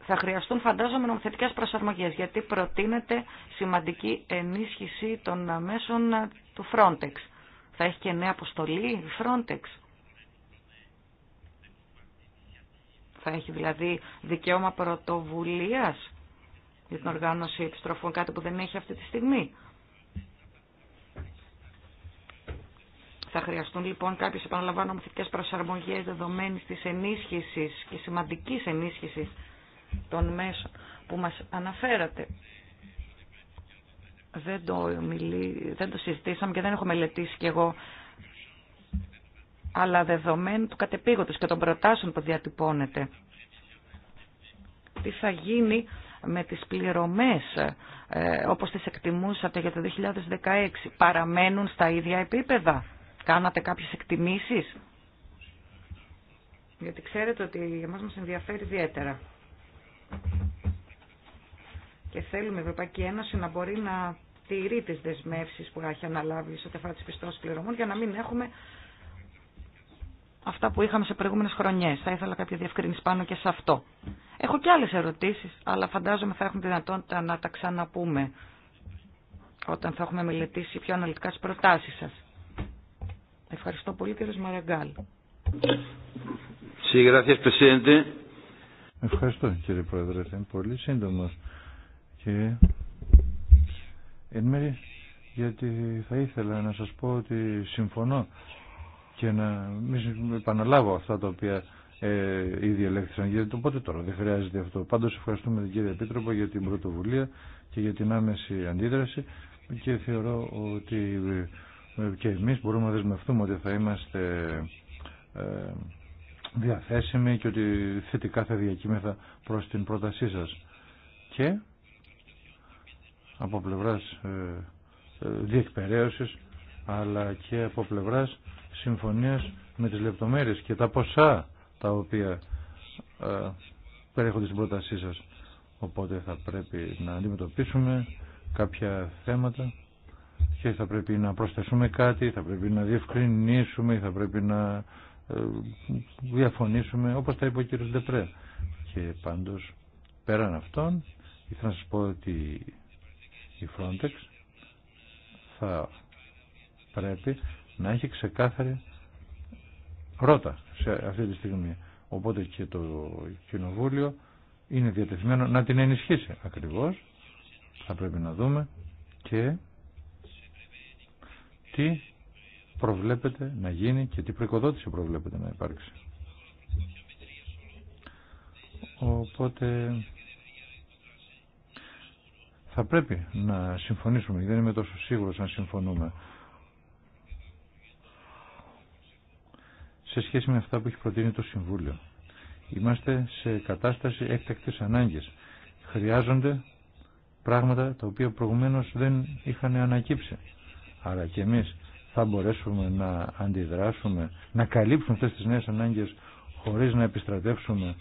θα χρειαστούν φαντάζομαι νομοθετικές προσαρμογές, γιατί προτείνεται σημαντική ενίσχυση των μέσων ε, του Frontex. Θα έχει και νέα αποστολή Frontex. Θα έχει δηλαδή δικαίωμα πρωτοβουλίας για την οργάνωση επιστροφών, κάτι που δεν έχει αυτή τη στιγμή. Θα χρειαστούν λοιπόν κάποιες επαναλαμβάνω μυθικές προσαρμογές δεδομένης της ενίσχυσης και σημαντικής ενίσχυσης των μέσων που μας αναφέρατε. Δεν το, δεν το συζητήσαμε και δεν έχω μελετήσει κι εγώ αλλά δεδομένου του κατεπήγοντος και των προτάσεων που διατυπώνεται. Τι θα γίνει με τις πληρωμές, ε, όπως τις εκτιμούσατε για το 2016, παραμένουν στα ίδια επίπεδα. Κάνατε κάποιες εκτιμήσεις. Γιατί ξέρετε ότι εμάς μας ενδιαφέρει ιδιαίτερα. Και θέλουμε η Ευρωπαϊκή Ένωση να μπορεί να τηρεί τις δεσμεύσεις που έχει αναλάβει σε αφορά τις πληρωμών για να μην έχουμε αυτά που είχαμε σε προηγούμενες χρονιές. Θα ήθελα κάποια διευκρίνηση πάνω και σε αυτό. Έχω και άλλες ερωτήσεις, αλλά φαντάζομαι θα έχουμε δυνατότητα να τα ξαναπούμε όταν θα έχουμε μελετήσει πιο αναλυτικά τις προτάσεις σας. Ευχαριστώ πολύ κύριε Μαραγκάλ. Ευχαριστώ κύριε Πρόεδρε. Θα είμαι πολύ σύντομος και εν μέρει γιατί θα ήθελα να σας πω ότι συμφωνώ και να μην επαναλάβω αυτά τα οποία ε, ήδη ελέγχθησαν. Γιατί το πότε τώρα δεν χρειάζεται αυτό. Πάντως ευχαριστούμε την κύριε Επίτροπο για την πρωτοβουλία και για την άμεση αντίδραση και θεωρώ ότι ε, και εμείς μπορούμε να δεσμευτούμε ότι θα είμαστε ε, διαθέσιμοι και ότι θετικά θα διακύμεθα προς την πρότασή σας. Και από πλευράς ε, ε διεκπαιρέωσης αλλά και από πλευράς συμφωνίας με τις λεπτομέρειες και τα ποσά τα οποία ε, περιέχονται στην πρότασή σας. Οπότε θα πρέπει να αντιμετωπίσουμε κάποια θέματα και θα πρέπει να προσθέσουμε κάτι, θα πρέπει να διευκρινίσουμε, θα πρέπει να ε, διαφωνήσουμε, όπως τα είπε ο κ. Ντεπρέ. Και πάντως, πέραν αυτών, ήθελα να σας πω ότι η Frontex θα πρέπει να έχει ξεκάθαρη ρότα σε αυτή τη στιγμή. Οπότε και το Κοινοβούλιο είναι διατεθειμένο να την ενισχύσει ακριβώς. Θα πρέπει να δούμε και τι προβλέπεται να γίνει και τι προοικοδότηση προβλέπεται να υπάρξει. Οπότε θα πρέπει να συμφωνήσουμε, δεν είμαι τόσο σίγουρος να συμφωνούμε σε σχέση με αυτά που έχει προτείνει το Συμβούλιο. Είμαστε σε κατάσταση έκτακτης ανάγκης. Χρειάζονται πράγματα τα οποία προηγουμένως δεν είχαν ανακύψει. Άρα και εμείς θα μπορέσουμε να αντιδράσουμε, να καλύψουμε αυτές τις νέες ανάγκες χωρίς να επιστρατεύσουμε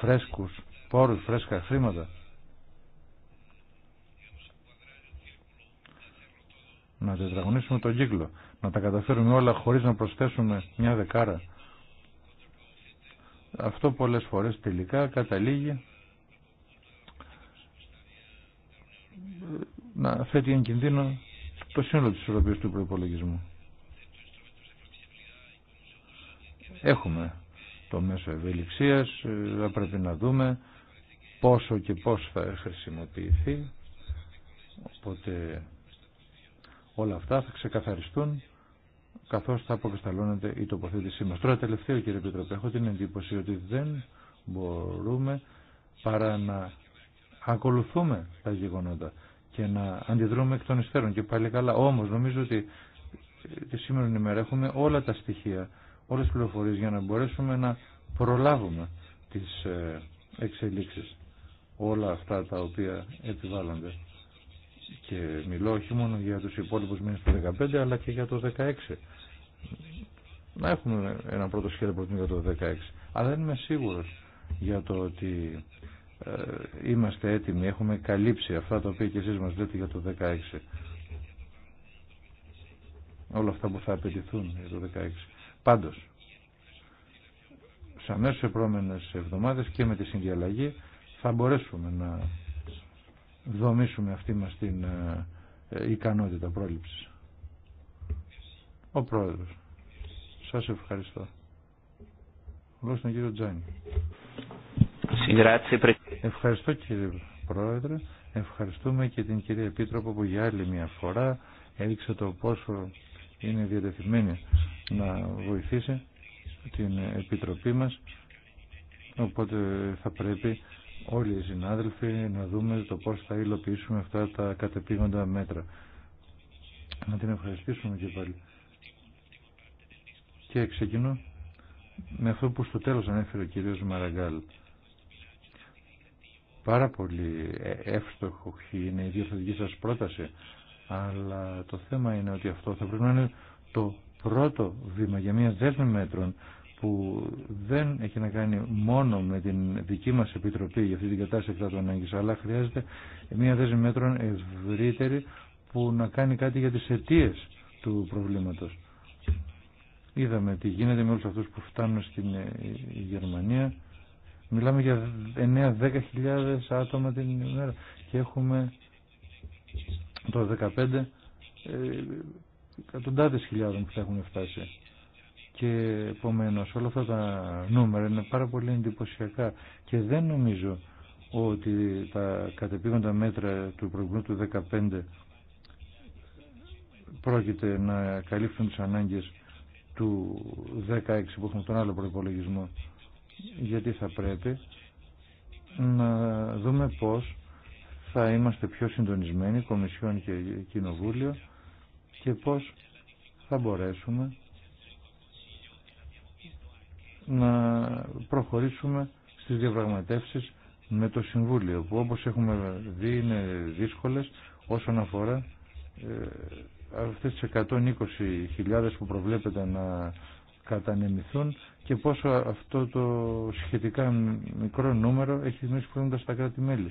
φρέσκους πόρους, φρέσκα χρήματα. Να τετραγωνίσουμε τον κύκλο, να τα καταφέρουμε όλα χωρίς να προσθέσουμε μια δεκάρα αυτό πολλές φορές τελικά καταλήγει να θέτει εν κινδύνο το σύνολο της ισορροπίας του προϋπολογισμού. Έχουμε το μέσο ευελιξίας, ε, θα πρέπει να δούμε πόσο και πώς θα χρησιμοποιηθεί, οπότε όλα αυτά θα ξεκαθαριστούν καθώς θα αποκρισταλώνεται η τοποθέτησή μας. Τώρα τελευταίο κύριε Επιτροπέ, έχω την εντύπωση ότι δεν μπορούμε παρά να ακολουθούμε τα γεγονότα και να αντιδρούμε εκ των υστέρων και πάλι καλά. Όμως νομίζω ότι ε, τη σήμερα ημέρα έχουμε όλα τα στοιχεία, όλες τι πληροφορίες για να μπορέσουμε να προλάβουμε τις ε, εξελίξεις όλα αυτά τα οποία επιβάλλονται. Και μιλώ όχι μόνο για τους υπόλοιπους μήνες του 2015 αλλά και για το 2016 να έχουμε ένα πρώτο σχέδιο για το 2016. Αλλά δεν είμαι σίγουρος για το ότι ε, είμαστε έτοιμοι, έχουμε καλύψει αυτά τα οποία και εσείς μας λέτε για το 2016. Όλα αυτά που θα απαιτηθούν για το 2016. Πάντως, σε αμέσως επόμενες εβδομάδες και με τη συνδιαλλαγή θα μπορέσουμε να δομήσουμε αυτή μας την ε, ε, ικανότητα πρόληψης. Ο Πρόεδρος. Σας ευχαριστώ. Λόγω στον κύριο Τζάνι. Ευχαριστώ κύριε Πρόεδρε. Ευχαριστούμε και την κυρία Επίτροπο που για άλλη μια φορά έδειξε το πόσο είναι διατεθειμένη να βοηθήσει την Επιτροπή μας. Οπότε θα πρέπει όλοι οι συνάδελφοι να δούμε το πώς θα υλοποιήσουμε αυτά τα κατεπήγοντα μέτρα. Να την ευχαριστήσουμε και πάλι. Και ξεκινώ με αυτό που στο τέλος ανέφερε ο κύριος Μαραγκάλ. Πάρα πολύ ε, εύστοχο είναι η διορθωτική σας πρόταση, αλλά το θέμα είναι ότι αυτό θα πρέπει να είναι το πρώτο βήμα για μια δέσμη μέτρων που δεν έχει να κάνει μόνο με την δική μας Επιτροπή για αυτή την κατάσταση των ανάγκης, αλλά χρειάζεται μια δέσμη μέτρων ευρύτερη που να κάνει κάτι για τις αιτίε του προβλήματος. Είδαμε τι γίνεται με όλους αυτούς που φτάνουν στην ε, Γερμανία. Μιλάμε για 9-10 άτομα την ημέρα και έχουμε το 15 ε, εκατοντάδες χιλιάδων που θα έχουν φτάσει. Και επομένω όλα αυτά τα νούμερα είναι πάρα πολύ εντυπωσιακά και δεν νομίζω ότι τα κατεπήγοντα μέτρα του προηγούμενου του 15 πρόκειται να καλύφθουν τις ανάγκες του 16 που έχουμε τον άλλο προπολογισμό. Γιατί θα πρέπει να δούμε πώς θα είμαστε πιο συντονισμένοι, Κομισιόν και Κοινοβούλιο και πώς θα μπορέσουμε να προχωρήσουμε στις διαπραγματεύσεις με το Συμβούλιο που όπως έχουμε δει είναι δύσκολες όσον αφορά ε, αυτές τις 120.000 που προβλέπεται να κατανεμηθούν και πόσο αυτό το σχετικά μικρό νούμερο έχει δημιουργήσει στα κράτη-μέλη.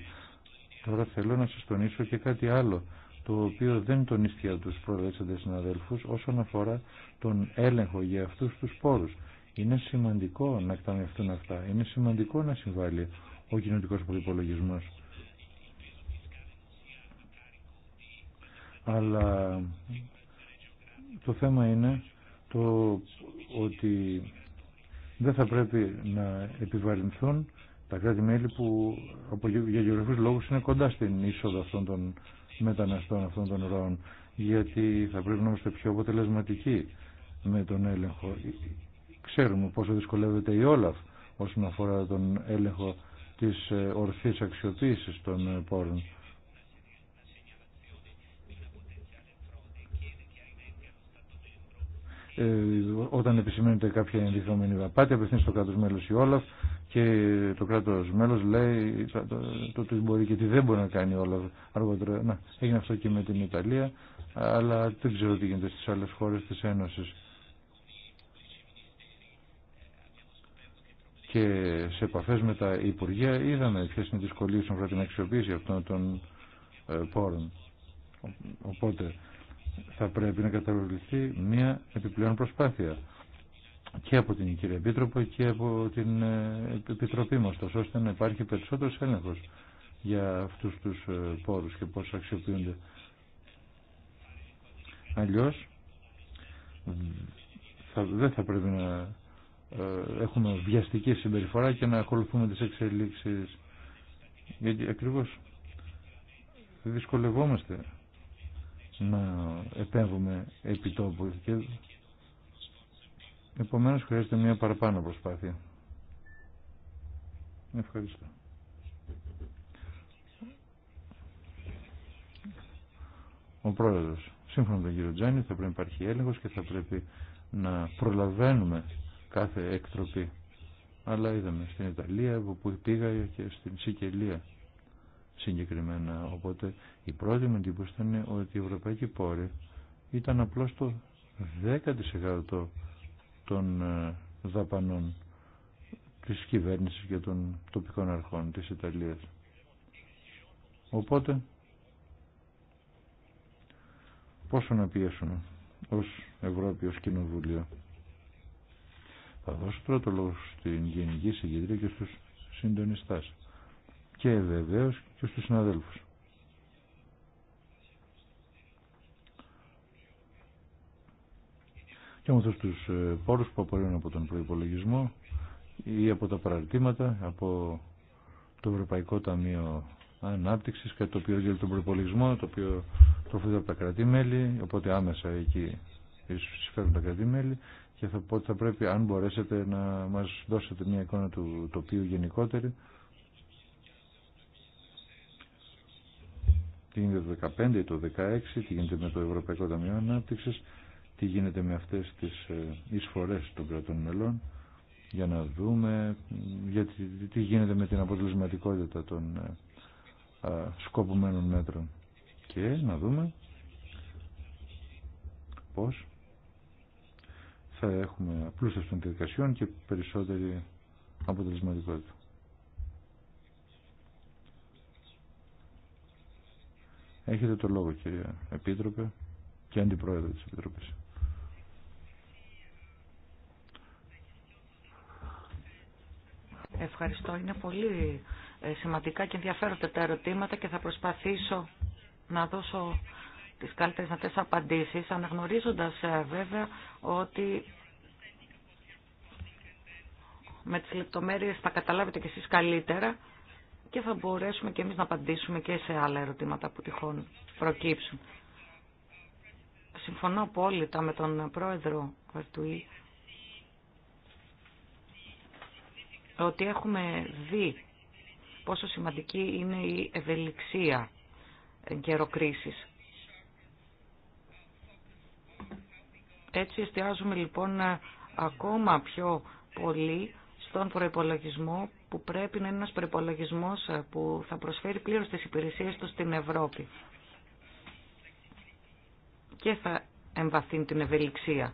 Τώρα θέλω να σας τονίσω και κάτι άλλο, το οποίο δεν τονίστηκε από τους προελέξαντες συναδέλφους όσον αφορά τον έλεγχο για αυτούς τους πόρους. Είναι σημαντικό να εκταμευτούν αυτά, είναι σημαντικό να συμβάλλει ο κοινωνικός προϋπολογισμός. αλλά το θέμα είναι το ότι δεν θα πρέπει να επιβαρυνθούν τα κράτη-μέλη που για γεωγραφικούς λόγους είναι κοντά στην είσοδο αυτών των μεταναστών, αυτών των ροών, γιατί θα πρέπει να είμαστε πιο αποτελεσματικοί με τον έλεγχο. Ξέρουμε πόσο δυσκολεύεται η Όλαφ όσον αφορά τον έλεγχο της ε, ορθής αξιοποίησης των ε, πόρων. Ε, όταν επισημαίνεται κάποια ενδειχόμενη απάτη, απευθύνει στο κράτο μέλο η Όλαφ και το κράτο μέλο λέει το τι μπορεί και τι δεν μπορεί να κάνει η Όλαφ αργότερα. Να, έγινε αυτό και με την Ιταλία, αλλά δεν ξέρω τι γίνεται στι άλλε χώρε τη Ένωση. Και σε επαφέ με τα Υπουργεία είδαμε ποιε είναι οι δυσκολίε όσον την αξιοποίηση αυτών των ε, πόρων. Οπότε θα πρέπει να καταβληθεί μια επιπλέον προσπάθεια και από την κυρία Επίτροπο και από την ε, Επιτροπή μας, τόσο ώστε να υπάρχει περισσότερος έλεγχος για αυτούς τους ε, πόρους και πώς αξιοποιούνται. Αλλιώς θα, δεν θα πρέπει να ε, έχουμε βιαστική συμπεριφορά και να ακολουθούμε τις εξελίξεις γιατί ακριβώς δυσκολευόμαστε να επέμβουμε επί τόπου και επομένως χρειάζεται μια παραπάνω προσπάθεια. Ευχαριστώ. Ο πρόεδρος, σύμφωνα με τον κύριο Τζάνι, θα πρέπει να υπάρχει έλεγχος και θα πρέπει να προλαβαίνουμε κάθε εκτροπή. Αλλά είδαμε στην Ιταλία, όπου πήγα και στην Σικελία συγκεκριμένα. Οπότε η πρώτη μου εντύπωση ήταν ότι η ευρωπαϊκή πόροι ήταν απλώς το 10% των ε, δαπανών της κυβέρνησης και των τοπικών αρχών της Ιταλίας. Οπότε, πόσο να πιέσουμε ως Ευρώπη, ως Κοινοβούλιο. Θα δώσω πρώτο λόγο στην Γενική Συγκεντρία και στους συντονιστάς και βεβαίως και στους συναδέλφους. Και όμως αυτούς τους ε, πόρους που απορρέουν από τον προϋπολογισμό ή από τα παραρτήματα, από το Ευρωπαϊκό Ταμείο Ανάπτυξης, κάτι το οποίο γίνεται τον προϋπολογισμό, το οποίο τροφούνται από τα κρατή-μέλη, οπότε άμεσα εκεί συμφέρουν τα κρατή-μέλη και θα, θα πρέπει αν μπορέσετε να μας δώσετε μια εικόνα του τοπίου γενικότερη τι γίνεται το 2015 ή το 2016, τι γίνεται με το Ευρωπαϊκό Ταμείο Ανάπτυξη, τι γίνεται με αυτέ τι ε, εισφορέ των κρατών μελών, για να δούμε γιατί, τι γίνεται με την αποτελεσματικότητα των ε, σκοπουμένων μέτρων και να δούμε πώ θα έχουμε απλούσταση των διαδικασιών και περισσότερη αποτελεσματικότητα. Έχετε το λόγο κύριε Επίτροπε και Αντιπρόεδρο της Επιτροπής. Ευχαριστώ. Είναι πολύ ε, σημαντικά και ενδιαφέροντα τα ερωτήματα και θα προσπαθήσω να δώσω τις καλύτερες δυνατές απαντήσεις, αναγνωρίζοντας ε, βέβαια ότι με τις λεπτομέρειες θα καταλάβετε κι εσείς καλύτερα και θα μπορέσουμε και εμείς να απαντήσουμε και σε άλλα ερωτήματα που τυχόν προκύψουν. Συμφωνώ απόλυτα με τον πρόεδρο Βαρτουή ότι έχουμε δει πόσο σημαντική είναι η ευελιξία κρίσης. Έτσι εστιάζουμε λοιπόν ακόμα πιο πολύ στον προϋπολογισμό που πρέπει να είναι ένας προπολογισμό ε, που θα προσφέρει πλήρως τις υπηρεσίες του στην Ευρώπη και θα εμβαθύνει την ευελιξία.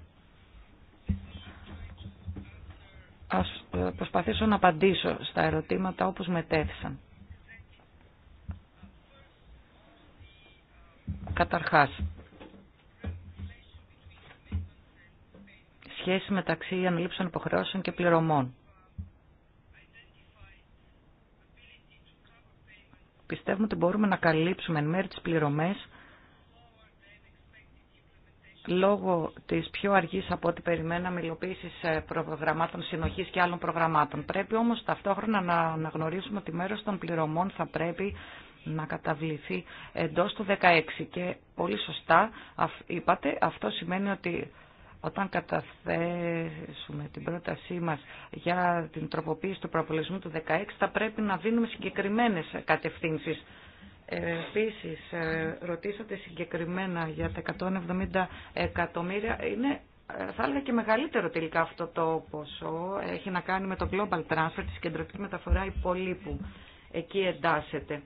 Ας ε, προσπαθήσω να απαντήσω στα ερωτήματα όπως μετέθησαν. Καταρχάς, σχέση μεταξύ ανλήψεων υποχρεώσεων και πληρωμών. Πιστεύουμε ότι μπορούμε να καλύψουμε εν μέρει τις πληρωμές λόγω της πιο αργής από ό,τι περιμέναμε υλοποίηση ε, προγραμμάτων συνοχής και άλλων προγραμμάτων. Πρέπει όμως ταυτόχρονα να αναγνωρίσουμε ότι μέρος των πληρωμών θα πρέπει να καταβληθεί εντός του 16 και πολύ σωστά είπατε αυτό σημαίνει ότι όταν καταθέσουμε την πρότασή μας για την τροποποίηση του προπολογισμού του 2016 θα πρέπει να δίνουμε συγκεκριμένες κατευθύνσεις. Ε, Επίση, ε, ρωτήσατε συγκεκριμένα για τα 170 εκατομμύρια. Είναι, ε, θα έλεγα και μεγαλύτερο τελικά αυτό το ποσό. Έχει να κάνει με το Global Transfer, τη συγκεντρωτική μεταφορά υπολείπου. Εκεί εντάσσεται.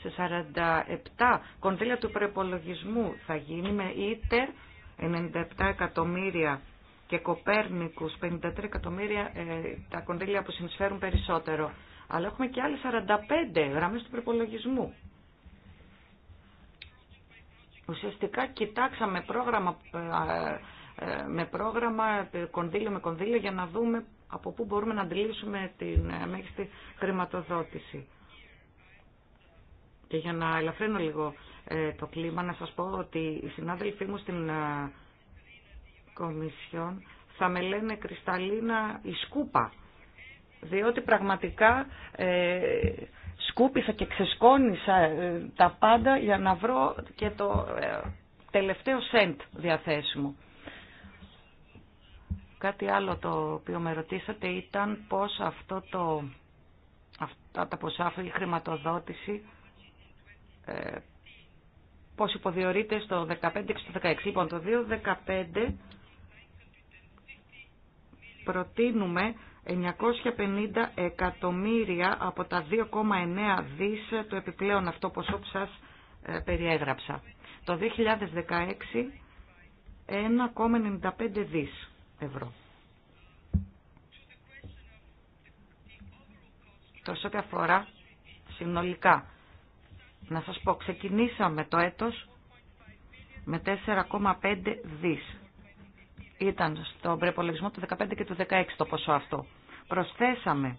Σε 47 κονδύλια του προπολογισμού θα γίνει με ίτερ 97 εκατομμύρια και Κοπέρνικους 53 εκατομμύρια ε, τα κονδύλια που συνεισφέρουν περισσότερο. Αλλά έχουμε και άλλε 45 γραμμές του προπολογισμού. Ουσιαστικά κοιτάξαμε πρόγραμμα, ε, ε, με πρόγραμμα, κονδύλιο με κονδύλιο για να δούμε από πού μπορούμε να αντιλήσουμε την μέγιστη χρηματοδότηση. Και για να ελαφρύνω λίγο ε, το κλίμα, να σας πω ότι οι συνάδελφοί μου στην ε, Κομισιόν θα με λένε κρυσταλλίνα η σκούπα. Διότι πραγματικά ε, σκούπισα και ξεσκόνησα ε, τα πάντα για να βρω και το τελευταίο σέντ διαθέσιμο. Κάτι άλλο το οποίο με ρωτήσατε ήταν πώς αυτό το, αυτά τα ποσά, η χρηματοδότηση ε, πώς υποδιορείται στο 15 και στο 16. Λοιπόν, το 2015 προτείνουμε 950 εκατομμύρια από τα 2,9 δις του επιπλέον αυτό ποσό που σας ε, περιέγραψα. Το 2016 1,95 δις ευρώ. Τόσο σε αφορά συνολικά να σας πω, ξεκινήσαμε το έτος με 4,5 δις. Ήταν στον προπολογισμό του 15 και του 16 το ποσό αυτό. Προσθέσαμε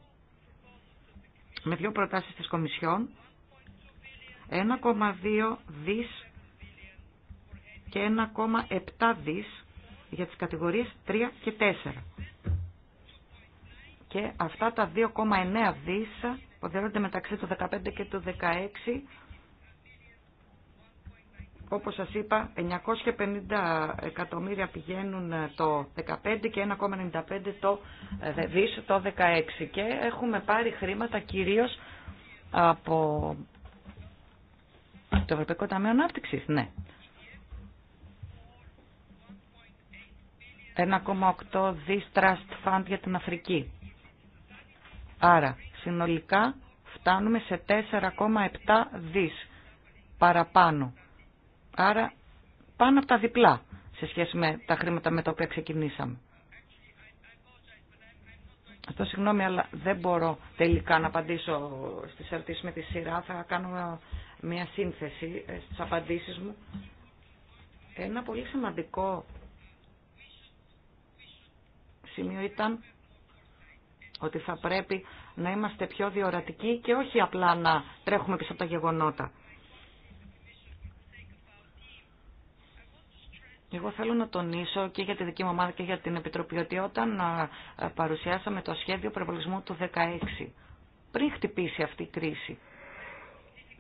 με δύο προτάσεις της Κομισιόν 1,2 δις και 1,7 δις για τις κατηγορίες 3 και 4. Και αυτά τα 2,9 δις που μεταξύ του 15 και του 16 όπως σας είπα, 950 εκατομμύρια πηγαίνουν το 15 και 1,95 το ε, δις το 16 και έχουμε πάρει χρήματα κυρίως από το Ευρωπαϊκό Ταμείο Ανάπτυξης, ναι. 1,8 δις Trust Fund για την Αφρική. Άρα, συνολικά φτάνουμε σε 4,7 δις παραπάνω Άρα πάνω από τα διπλά σε σχέση με τα χρήματα με τα οποία ξεκινήσαμε. Αυτό συγγνώμη, αλλά δεν μπορώ τελικά να απαντήσω στις ερωτήσεις με τη σειρά. Θα κάνω μια σύνθεση ε, στις απαντήσεις μου. Ένα πολύ σημαντικό σημείο ήταν ότι θα πρέπει να είμαστε πιο διορατικοί και όχι απλά να τρέχουμε πίσω από τα γεγονότα. Εγώ θέλω να τονίσω και για τη δική μου ομάδα και για την Επιτροπή ότι όταν παρουσιάσαμε το σχέδιο προεμβολισμού του 2016, πριν χτυπήσει αυτή η κρίση,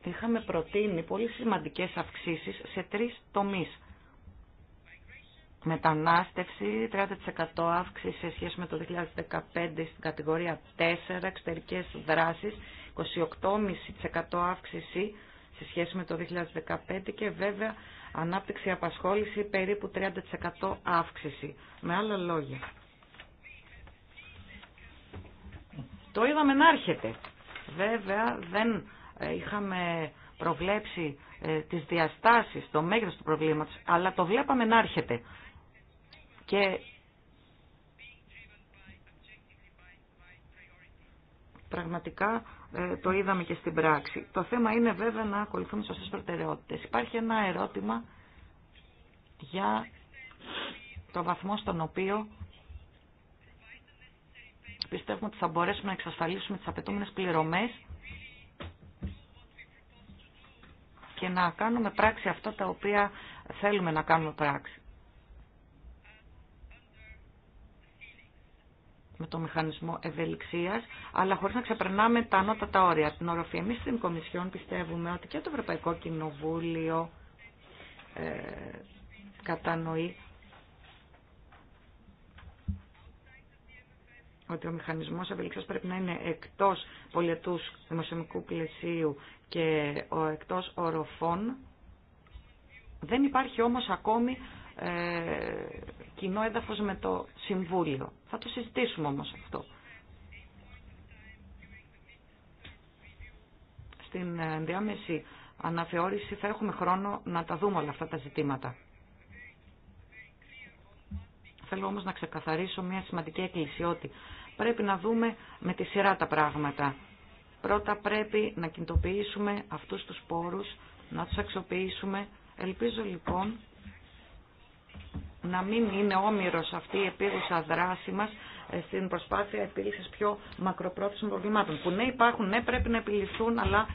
είχαμε προτείνει πολύ σημαντικές αυξήσεις σε τρεις τομείς. Μετανάστευση, 30% αύξηση σε σχέση με το 2015 στην κατηγορία 4, εξωτερικές δράσεις, 28,5% αύξηση σε σχέση με το 2015 και βέβαια Ανάπτυξη απασχόληση περίπου 30% αύξηση. Με άλλα λόγια. Το είδαμε να έρχεται. Βέβαια δεν ε, είχαμε προβλέψει ε, τις διαστάσεις, το μέγεθος του προβλήματος, αλλά το βλέπαμε να έρχεται. Και πραγματικά ε, το είδαμε και στην πράξη. Το θέμα είναι βέβαια να ακολουθούμε σωστές προτεραιότητες. Υπάρχει ένα ερώτημα για το βαθμό στον οποίο πιστεύουμε ότι θα μπορέσουμε να εξασφαλίσουμε τις απαιτούμενες πληρωμές και να κάνουμε πράξη αυτά τα οποία θέλουμε να κάνουμε πράξη. το μηχανισμό ευελιξία, αλλά χωρί να ξεπερνάμε τα ανώτατα όρια στην οροφή. Εμεί στην Κομισιόν πιστεύουμε ότι και το Ευρωπαϊκό Κοινοβούλιο ε, κατανοεί ότι ο μηχανισμός ευελιξία πρέπει να είναι εκτός πολιετούς δημοσιονομικού πλαισίου και εκτό εκτός οροφών. Δεν υπάρχει όμως ακόμη ε, κοινό έδαφος με το Συμβούλιο. Θα το συζητήσουμε όμως αυτό. Στην διάμεση αναθεώρηση θα έχουμε χρόνο να τα δούμε όλα αυτά τα ζητήματα. Θέλω όμως να ξεκαθαρίσω μια σημαντική έκκληση ότι πρέπει να δούμε με τη σειρά τα πράγματα. Πρώτα πρέπει να κινητοποιήσουμε αυτούς τους πόρους, να τους αξιοποιήσουμε. Ελπίζω λοιπόν να μην είναι όμοιρος αυτή η επίγουσα δράση μας ε, στην προσπάθεια επίλυσης πιο μακροπρόθεσμων προβλημάτων. Που ναι υπάρχουν, ναι πρέπει να επιληθούν, αλλά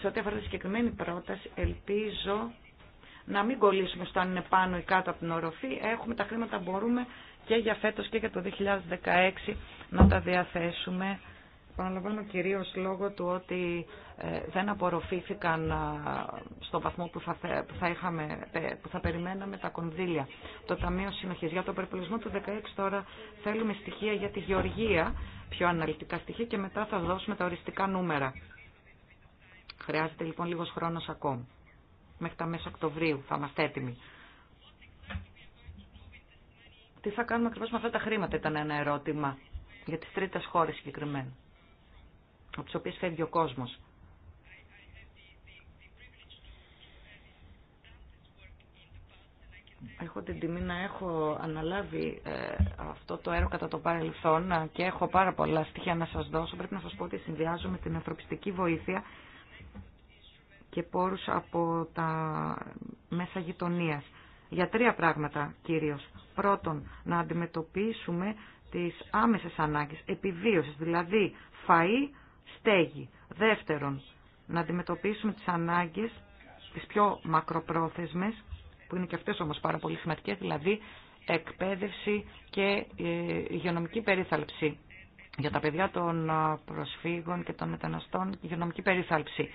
σε ό,τι αφορά τη συγκεκριμένη πρόταση ελπίζω να μην κολλήσουμε στο αν είναι πάνω ή κάτω από την οροφή. Έχουμε τα χρήματα μπορούμε και για φέτος και για το 2016 να τα διαθέσουμε Παναλαμβάνω κυρίως λόγω του ότι ε, δεν απορροφήθηκαν στον βαθμό που θα, θα, είχαμε, που θα περιμέναμε τα κονδύλια. Το Ταμείο Συνοχής για τον περιπολισμό του 2016 τώρα θέλουμε στοιχεία για τη γεωργία, πιο αναλυτικά στοιχεία και μετά θα δώσουμε τα οριστικά νούμερα. Χρειάζεται λοιπόν λίγος χρόνος ακόμη. Μέχρι τα μέσα Οκτωβρίου θα είμαστε έτοιμοι. Τι θα κάνουμε ακριβώς με αυτά τα χρήματα ήταν ένα ερώτημα για τις τρίτες χώρες συγκεκριμένα από τι οποίε φεύγει ο κόσμο. Έχω την τιμή να έχω αναλάβει ε, αυτό το έργο κατά το παρελθόν ε, και έχω πάρα πολλά στοιχεία να σας δώσω. Πρέπει να σας πω ότι συνδυάζομαι την ανθρωπιστική βοήθεια και πόρους από τα μέσα γειτονία. Για τρία πράγματα κυρίως. Πρώτον, να αντιμετωπίσουμε τις άμεσες ανάγκες επιβίωσης, δηλαδή φαΐ, στέγη. Δεύτερον, να αντιμετωπίσουμε τις ανάγκες, τις πιο μακροπρόθεσμες, που είναι και αυτές όμως πάρα πολύ σημαντικές, δηλαδή εκπαίδευση και ε, υγειονομική περίθαλψη. Για τα παιδιά των προσφύγων και των μεταναστών, υγειονομική περίθαλψη.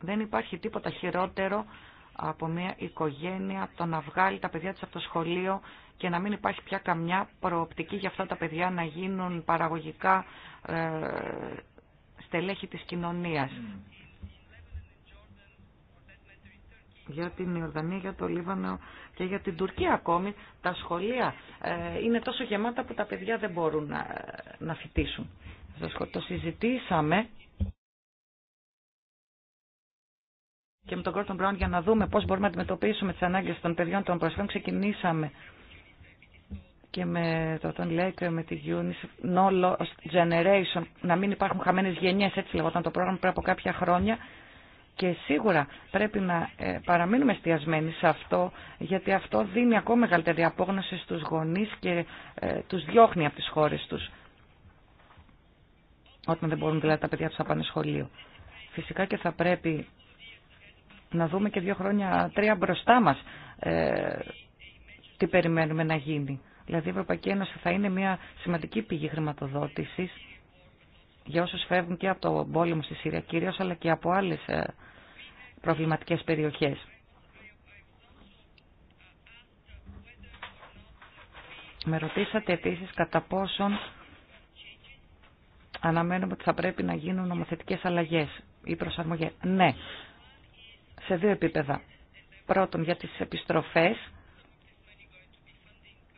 Δεν υπάρχει τίποτα χειρότερο από μια οικογένεια το να βγάλει τα παιδιά της από το σχολείο και να μην υπάρχει πια καμιά προοπτική για αυτά τα παιδιά να γίνουν παραγωγικά ε, στελέχη της κοινωνίας. Για την Ιορδανία, για το Λίβανο και για την Τουρκία ακόμη, τα σχολεία ε, είναι τόσο γεμάτα που τα παιδιά δεν μπορούν να, να φοιτήσουν. Το συζητήσαμε και με τον Κόρτον Μπράουν για να δούμε πώς μπορούμε να αντιμετωπίσουμε τις ανάγκες των παιδιών των προσφέρων Ξεκινήσαμε και με το τον λέει και με τη UNICEF No Lost Generation να μην υπάρχουν χαμένες γενιές έτσι λεγόταν το πρόγραμμα πριν από κάποια χρόνια και σίγουρα πρέπει να ε, παραμείνουμε εστιασμένοι σε αυτό γιατί αυτό δίνει ακόμα μεγαλύτερη απόγνωση στους γονείς και ε, τους διώχνει από τις χώρες τους όταν δεν μπορούν δηλαδή τα παιδιά τους να πάνε σχολείο. Φυσικά και θα πρέπει να δούμε και δύο χρόνια, τρία μπροστά μας ε, τι περιμένουμε να γίνει. Δηλαδή η Ευρωπαϊκή Ένωση θα είναι μια σημαντική πηγή χρηματοδότησης για όσους φεύγουν και από το πόλεμο στη Συρία κυρίως, αλλά και από άλλες ε, προβληματικές περιοχές. Με ρωτήσατε επίσης κατά πόσον αναμένουμε ότι θα πρέπει να γίνουν νομοθετικές αλλαγές ή προσαρμογές. Ναι, σε δύο επίπεδα. Πρώτον, για τις επιστροφές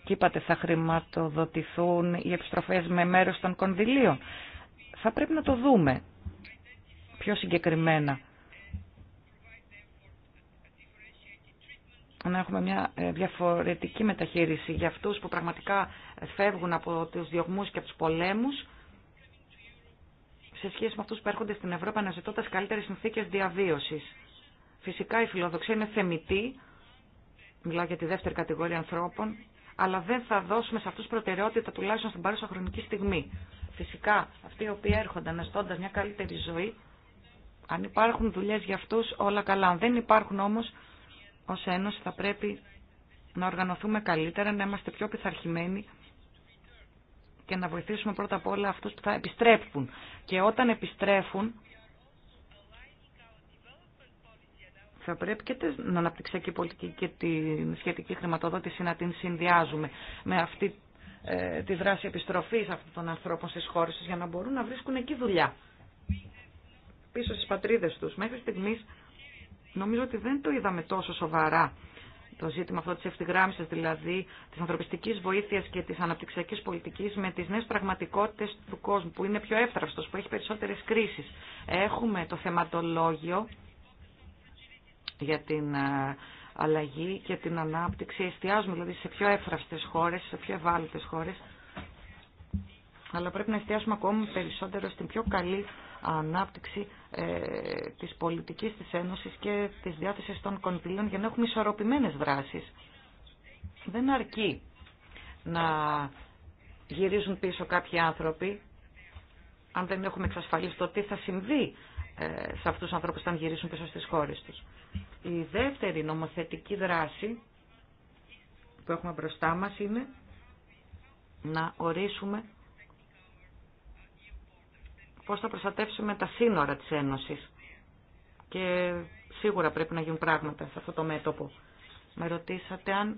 και είπατε θα χρηματοδοτηθούν οι επιστροφές με μέρος των κονδυλίων. Θα πρέπει να το δούμε πιο συγκεκριμένα. να έχουμε μια ε, διαφορετική μεταχείριση για αυτούς που πραγματικά φεύγουν από τους διωγμούς και από τους πολέμους σε σχέση με αυτούς που έρχονται στην Ευρώπη αναζητώντας καλύτερες συνθήκες διαβίωσης. Φυσικά η φιλοδοξία είναι θεμητή, μιλάω για τη δεύτερη κατηγορία ανθρώπων, αλλά δεν θα δώσουμε σε αυτούς προτεραιότητα τουλάχιστον στην παρούσα χρονική στιγμή. Φυσικά, αυτοί οι οποίοι έρχονται αναστώντα μια καλύτερη ζωή, αν υπάρχουν δουλειέ για αυτούς, όλα καλά. Αν δεν υπάρχουν όμως, ως Ένωση θα πρέπει να οργανωθούμε καλύτερα, να είμαστε πιο πειθαρχημένοι και να βοηθήσουμε πρώτα απ' όλα αυτού που θα επιστρέφουν. Και όταν επιστρέφουν, Θα πρέπει και την αναπτυξιακή πολιτική και τη σχετική χρηματοδότηση να την συνδυάζουμε με αυτή ε, τη δράση επιστροφής αυτών των ανθρώπων στις χώρες για να μπορούν να βρίσκουν εκεί δουλειά. Πίσω στις πατρίδες τους. Μέχρι στιγμής νομίζω ότι δεν το είδαμε τόσο σοβαρά το ζήτημα αυτό της ευθυγράμμισης δηλαδή της ανθρωπιστικής βοήθειας και της αναπτυξιακής πολιτικής με τις νέες πραγματικότητες του κόσμου που είναι πιο εύθραυστος, που έχει περισσότερε κρίσει. Έχουμε το θεματολόγιο για την ε, αλλαγή και την ανάπτυξη. Εστιάζουμε δηλαδή σε πιο έφραστες χώρες, σε πιο ευάλωτες χώρες, αλλά πρέπει να εστιάσουμε ακόμη περισσότερο στην πιο καλή ανάπτυξη ε, της πολιτικής της Ένωσης και της διάθεσης των κονδύλων για να έχουμε ισορροπημένες δράσεις. Δεν αρκεί να γυρίζουν πίσω κάποιοι άνθρωποι αν δεν έχουμε εξασφαλίσει το τι θα συμβεί ε, σε αυτούς τους ανθρώπους όταν γυρίσουν πίσω στις χώρες τους. Η δεύτερη νομοθετική δράση που έχουμε μπροστά μας είναι να ορίσουμε πώς θα προστατεύσουμε τα σύνορα της Ένωσης. Και σίγουρα πρέπει να γίνουν πράγματα σε αυτό το μέτωπο. Με ρωτήσατε αν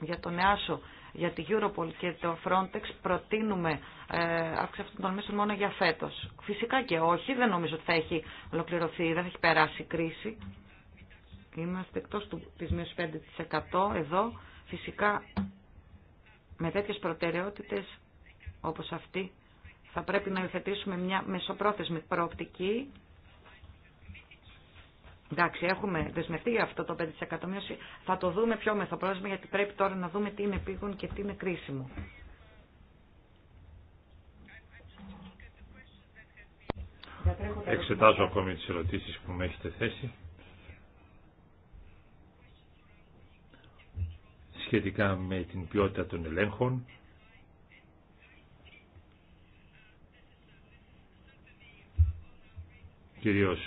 για τον ΕΑΣΟ για τη Europol και το Frontex προτείνουμε ε, αύξηση αυτών των μέσων μόνο για φέτος. Φυσικά και όχι, δεν νομίζω ότι θα έχει ολοκληρωθεί, δεν θα έχει περάσει η κρίση. Είμαστε εκτός του, της 5% εδώ. Φυσικά με τέτοιες προτεραιότητες όπως αυτή θα πρέπει να υιοθετήσουμε μια μεσοπρόθεσμη προοπτική Εντάξει, έχουμε δεσμευτεί για αυτό το 5% μείωση. Θα το δούμε πιο μεθοπρόθεσμα γιατί πρέπει τώρα να δούμε τι είναι πήγον και τι είναι κρίσιμο. Εξετάζω ακόμη τις ερωτήσεις που με έχετε θέσει. Σχετικά με την ποιότητα των ελέγχων. Κυρίως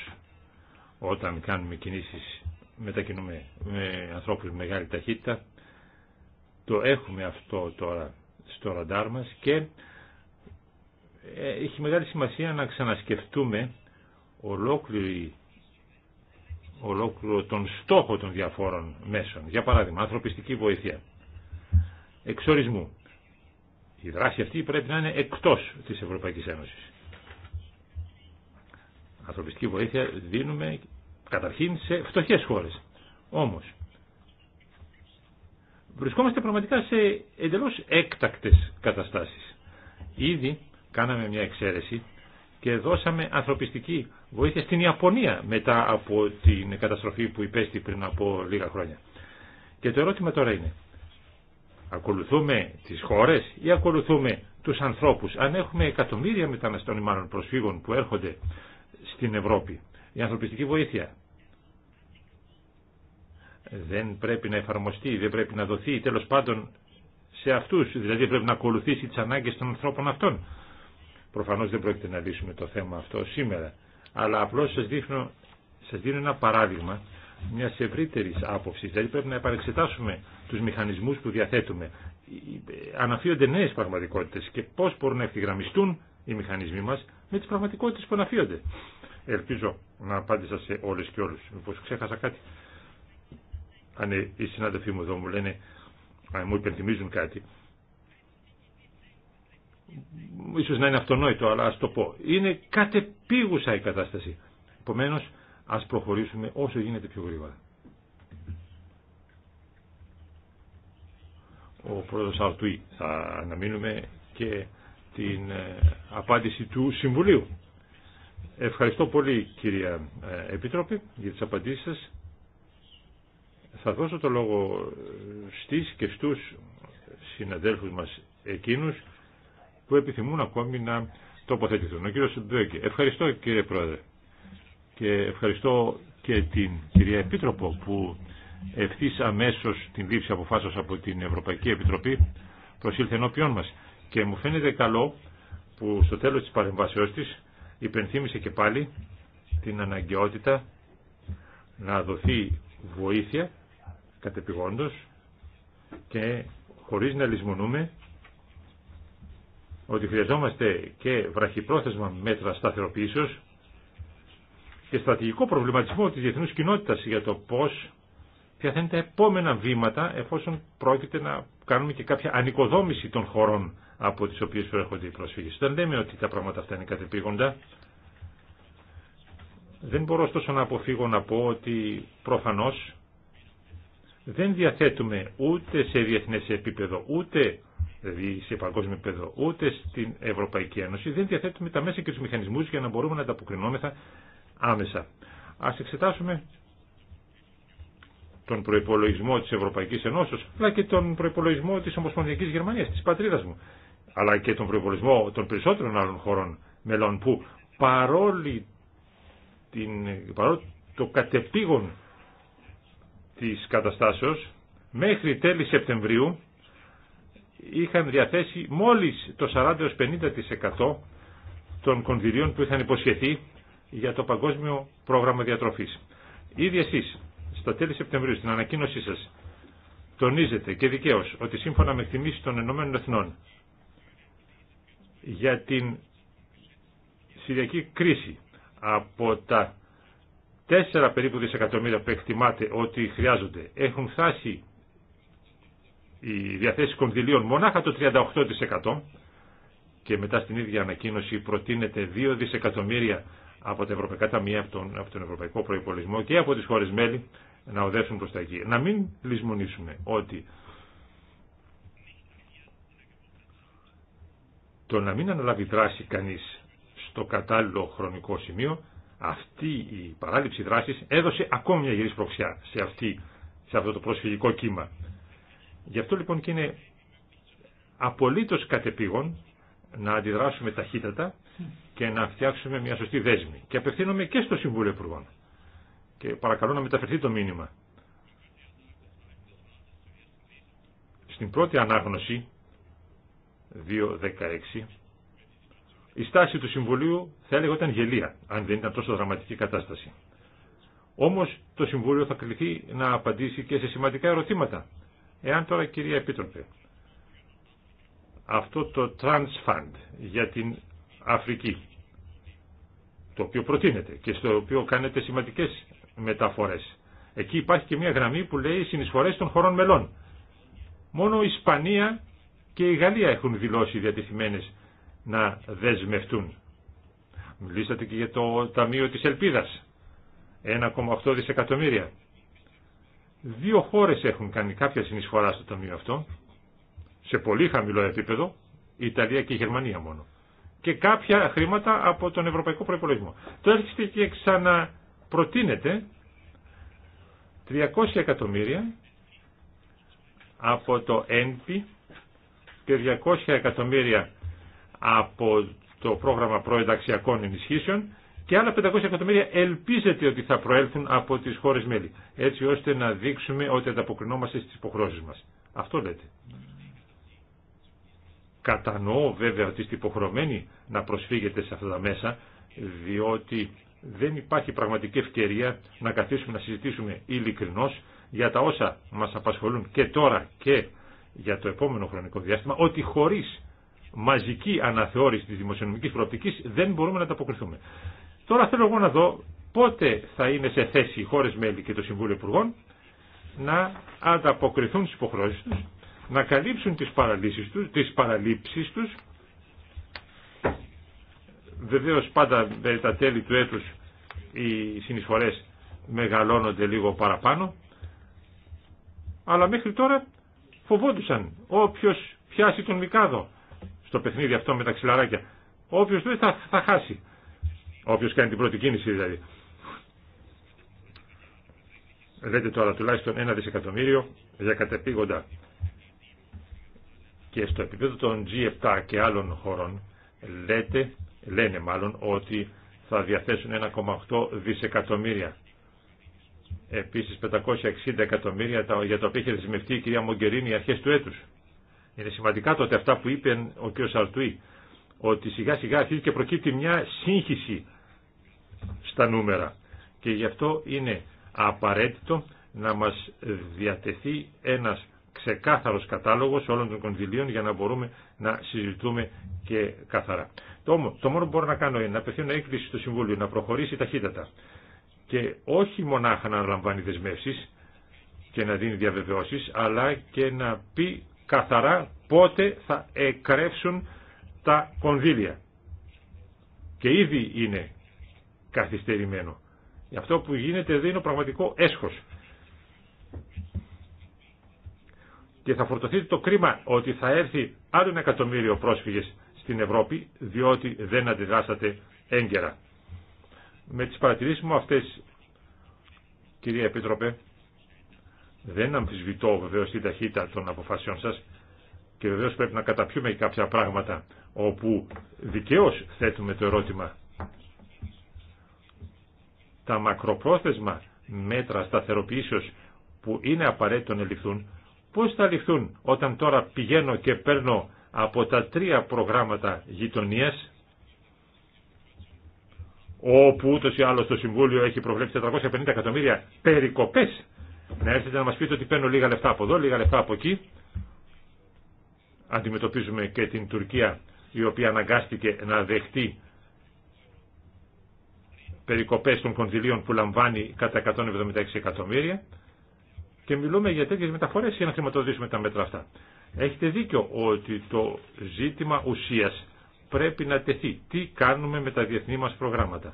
όταν κάνουμε κινήσεις, μετακινούμε με ανθρώπους με μεγάλη ταχύτητα. Το έχουμε αυτό τώρα στο ραντάρ μας και ε, έχει μεγάλη σημασία να ξανασκεφτούμε ολόκληρη ολόκληρο τον στόχο των διαφόρων μέσων. Για παράδειγμα, ανθρωπιστική βοήθεια. Εξορισμού. Η δράση αυτή πρέπει να είναι εκτός της Ευρωπαϊκής Ένωσης ανθρωπιστική βοήθεια δίνουμε καταρχήν σε φτωχές χώρες. Όμως, βρισκόμαστε πραγματικά σε εντελώς έκτακτες καταστάσεις. Ήδη κάναμε μια εξαίρεση και δώσαμε ανθρωπιστική βοήθεια στην Ιαπωνία μετά από την καταστροφή που υπέστη πριν από λίγα χρόνια. Και το ερώτημα τώρα είναι, ακολουθούμε τις χώρες ή ακολουθούμε τους ανθρώπους. Αν έχουμε εκατομμύρια μεταναστών ή μάλλον προσφύγων που έρχονται στην Ευρώπη. Η ανθρωπιστική βοήθεια δεν πρέπει να εφαρμοστεί, δεν πρέπει να δοθεί τέλος πάντων σε αυτούς, δηλαδή πρέπει να ακολουθήσει τις ανάγκες των ανθρώπων αυτών. Προφανώς δεν πρόκειται να λύσουμε το θέμα αυτό σήμερα, αλλά απλώς σας, δείχνω, δίνω ένα παράδειγμα μια ευρύτερη άποψη. Δηλαδή πρέπει να επαρεξετάσουμε του μηχανισμού που διαθέτουμε. Αναφύονται νέε πραγματικότητε και πώ μπορούν να ευθυγραμμιστούν οι μηχανισμοί μα με τι πραγματικότητε που αναφύονται. Ελπίζω να απάντησα σε όλε και όλου. Μήπω ξέχασα κάτι. Αν ναι, οι συνάδελφοί μου εδώ μου λένε, αν μου υπενθυμίζουν κάτι, ίσως να είναι αυτονόητο, αλλά ας το πω. Είναι κατεπίγουσα η κατάσταση. Επομένω, ας προχωρήσουμε όσο γίνεται πιο γρήγορα. Ο πρόεδρος Αρτουή θα αναμείνουμε και την ε, απάντηση του Συμβουλίου. Ευχαριστώ πολύ κυρία ε, Επίτροπη για τις απαντήσεις σας. Θα δώσω το λόγο ε, στις και στους συναδέλφους μας εκείνους που επιθυμούν ακόμη να τοποθετηθούν. Ο κύριος Μπέγκε. Ευχαριστώ κύριε Πρόεδρε και ευχαριστώ και την κυρία Επίτροπο που ευθύς αμέσως την λήψη αποφάσεως από την Ευρωπαϊκή Επιτροπή προσήλθε ενώπιόν μας. Και μου φαίνεται καλό που στο τέλος της παρεμβάσεώς της υπενθύμησε και πάλι την αναγκαιότητα να δοθεί βοήθεια κατεπηγόντως και χωρίς να λησμονούμε ότι χρειαζόμαστε και βραχυπρόθεσμα μέτρα σταθεροποίησεως και στρατηγικό προβληματισμό της διεθνούς κοινότητας για το πώς ποια θα είναι τα επόμενα βήματα εφόσον πρόκειται να κάνουμε και κάποια ανοικοδόμηση των χωρών από τις οποίες προέρχονται οι πρόσφυγες. Δεν λέμε ότι τα πράγματα αυτά είναι κατεπήγοντα. Δεν μπορώ ωστόσο να αποφύγω να πω ότι προφανώς δεν διαθέτουμε ούτε σε διεθνές επίπεδο, ούτε σε παγκόσμιο επίπεδο, ούτε στην Ευρωπαϊκή Ένωση, δεν διαθέτουμε τα μέσα και τους μηχανισμούς για να μπορούμε να ανταποκρινόμεθα άμεσα. Ας εξετάσουμε τον προπολογισμό της Ευρωπαϊκής Ενώσεως, αλλά και τον προπολογισμό της Ομοσπονδιακής Γερμανίας, της πατρίδας μου αλλά και τον προπολογισμό των περισσότερων άλλων χωρών μελών που παρόλη την, παρόλο το κατεπήγον της καταστάσεως μέχρι τέλη Σεπτεμβρίου είχαν διαθέσει μόλις το 40-50% των κονδυλίων που είχαν υποσχεθεί για το Παγκόσμιο Πρόγραμμα Διατροφής. Ήδη εσείς, στα τέλη Σεπτεμβρίου, στην ανακοίνωσή σας, τονίζετε και δικαίως ότι σύμφωνα με εκτιμήσεις των Ηνωμένων για την Συριακή κρίση από τα 4 περίπου δισεκατομμύρια που εκτιμάται ότι χρειάζονται έχουν φτάσει οι διαθέσεις κονδυλίων μονάχα το 38% και μετά στην ίδια ανακοίνωση προτείνεται 2 δισεκατομμύρια από τα Ευρωπαϊκά Ταμεία, από τον, Ευρωπαϊκό Προϋπολογισμό και από τις χώρες μέλη να οδεύσουν προς τα εκεί. Να μην λησμονήσουμε ότι το να μην αναλάβει δράση κανείς στο κατάλληλο χρονικό σημείο, αυτή η παράληψη δράσης έδωσε ακόμη μια γυρίσπροξιά προξιά σε, αυτή, σε αυτό το προσφυγικό κύμα. Γι' αυτό λοιπόν και είναι απολύτως κατεπήγον να αντιδράσουμε ταχύτατα και να φτιάξουμε μια σωστή δέσμη. Και απευθύνομαι και στο Συμβούλιο Υπουργών. Και παρακαλώ να μεταφερθεί το μήνυμα. Στην πρώτη ανάγνωση 2.16 η στάση του Συμβουλίου θα έλεγα ήταν γελία αν δεν ήταν τόσο δραματική κατάσταση. Όμως το Συμβούλιο θα κληθεί να απαντήσει και σε σημαντικά ερωτήματα. Εάν τώρα κυρία Επίτροπε αυτό το Transfund για την Αφρική το οποίο προτείνεται και στο οποίο κάνετε σημαντικές μεταφορές. Εκεί υπάρχει και μια γραμμή που λέει συνεισφορές των χωρών μελών. Μόνο η Ισπανία και η Γαλλία έχουν δηλώσει διατεθειμένες να δεσμευτούν. Μιλήσατε και για το Ταμείο της Ελπίδας. 1,8 δισεκατομμύρια. Δύο χώρες έχουν κάνει κάποια συνεισφορά στο Ταμείο αυτό, σε πολύ χαμηλό επίπεδο, η Ιταλία και η Γερμανία μόνο. Και κάποια χρήματα από τον Ευρωπαϊκό Προϋπολογισμό. Το έρχεστε και ξαναπροτείνετε 300 εκατομμύρια από το ΕΝΠΗ και 200 εκατομμύρια από το πρόγραμμα προενταξιακών ενισχύσεων και άλλα 500 εκατομμύρια ελπίζεται ότι θα προέλθουν από τις χώρες μέλη, έτσι ώστε να δείξουμε ότι ανταποκρινόμαστε στις υποχρώσεις μας. Αυτό λέτε. Κατανοώ βέβαια ότι είστε υποχρεωμένοι να προσφύγετε σε αυτά τα μέσα, διότι δεν υπάρχει πραγματική ευκαιρία να καθίσουμε να συζητήσουμε ειλικρινώς για τα όσα μας απασχολούν και τώρα και για το επόμενο χρονικό διάστημα ότι χωρίς μαζική αναθεώρηση τη δημοσιονομική προοπτική δεν μπορούμε να ανταποκριθούμε. Τώρα θέλω εγώ να δω πότε θα είναι σε θέση οι χώρες μέλη και το Συμβούλιο Υπουργών να ανταποκριθούν στις υποχρεώσει του, να καλύψουν τις, παραλύσεις τους, τις παραλήψεις τους. Βεβαίως πάντα με τα τέλη του έτου, οι συνεισφορέ μεγαλώνονται λίγο παραπάνω. Αλλά μέχρι τώρα φοβόντουσαν. Όποιο πιάσει τον Μικάδο στο παιχνίδι αυτό με τα ξυλαράκια, όποιο δεν θα, θα χάσει. Όποιο κάνει την πρώτη κίνηση δηλαδή. Λέτε τώρα τουλάχιστον ένα δισεκατομμύριο για κατεπήγοντα. Και στο επίπεδο των G7 και άλλων χωρών λέτε, λένε μάλλον ότι θα διαθέσουν 1,8 δισεκατομμύρια Επίσης 560 εκατομμύρια για τα οποία είχε δεσμευτεί η κυρία Μογκερίνη αρχές του έτους. Είναι σημαντικά τότε αυτά που είπε ο κ. Σαρτουή, ότι σιγά σιγά αρχίζει και προκύπτει μια σύγχυση στα νούμερα. Και γι' αυτό είναι απαραίτητο να μας διατεθεί ένας ξεκάθαρος κατάλογος όλων των κονδυλίων για να μπορούμε να συζητούμε και καθαρά. Το, το μόνο που μπορώ να κάνω είναι να απευθύνω έκκληση στο Συμβούλιο να προχωρήσει ταχύτατα και όχι μονάχα να λαμβάνει δεσμεύσεις και να δίνει διαβεβαιώσεις αλλά και να πει καθαρά πότε θα εκρέψουν τα κονδύλια. Και ήδη είναι καθυστερημένο. αυτό που γίνεται εδώ είναι ο πραγματικό έσχος. Και θα φορτωθείτε το κρίμα ότι θα έρθει άλλο ένα εκατομμύριο πρόσφυγες στην Ευρώπη διότι δεν αντιδράσατε έγκαιρα. Με τις παρατηρήσεις μου αυτές, κυρία Επίτροπε, δεν αμφισβητώ βεβαίως την ταχύτητα των αποφάσεων σας και βεβαίως πρέπει να καταπιούμε και κάποια πράγματα όπου δικαίως θέτουμε το ερώτημα. Τα μακροπρόθεσμα μέτρα σταθεροποιήσεως που είναι απαραίτητο να ληφθούν, πώς θα ληφθούν όταν τώρα πηγαίνω και παίρνω από τα τρία προγράμματα γειτονίας όπου ούτω ή άλλω το Συμβούλιο έχει προβλέψει 450 εκατομμύρια περικοπέ, να έρθετε να μα πείτε ότι παίρνω λίγα λεφτά από εδώ, λίγα λεφτά από εκεί. Αντιμετωπίζουμε και την Τουρκία, η οποία αναγκάστηκε να δεχτεί περικοπέ των κονδυλίων που λαμβάνει κατά 176 εκατομμύρια και μιλούμε για τέτοιε μεταφορέ για να χρηματοδοτήσουμε τα μέτρα αυτά. Έχετε δίκιο ότι το ζήτημα ουσία πρέπει να τεθεί. Τι κάνουμε με τα διεθνή μας προγράμματα,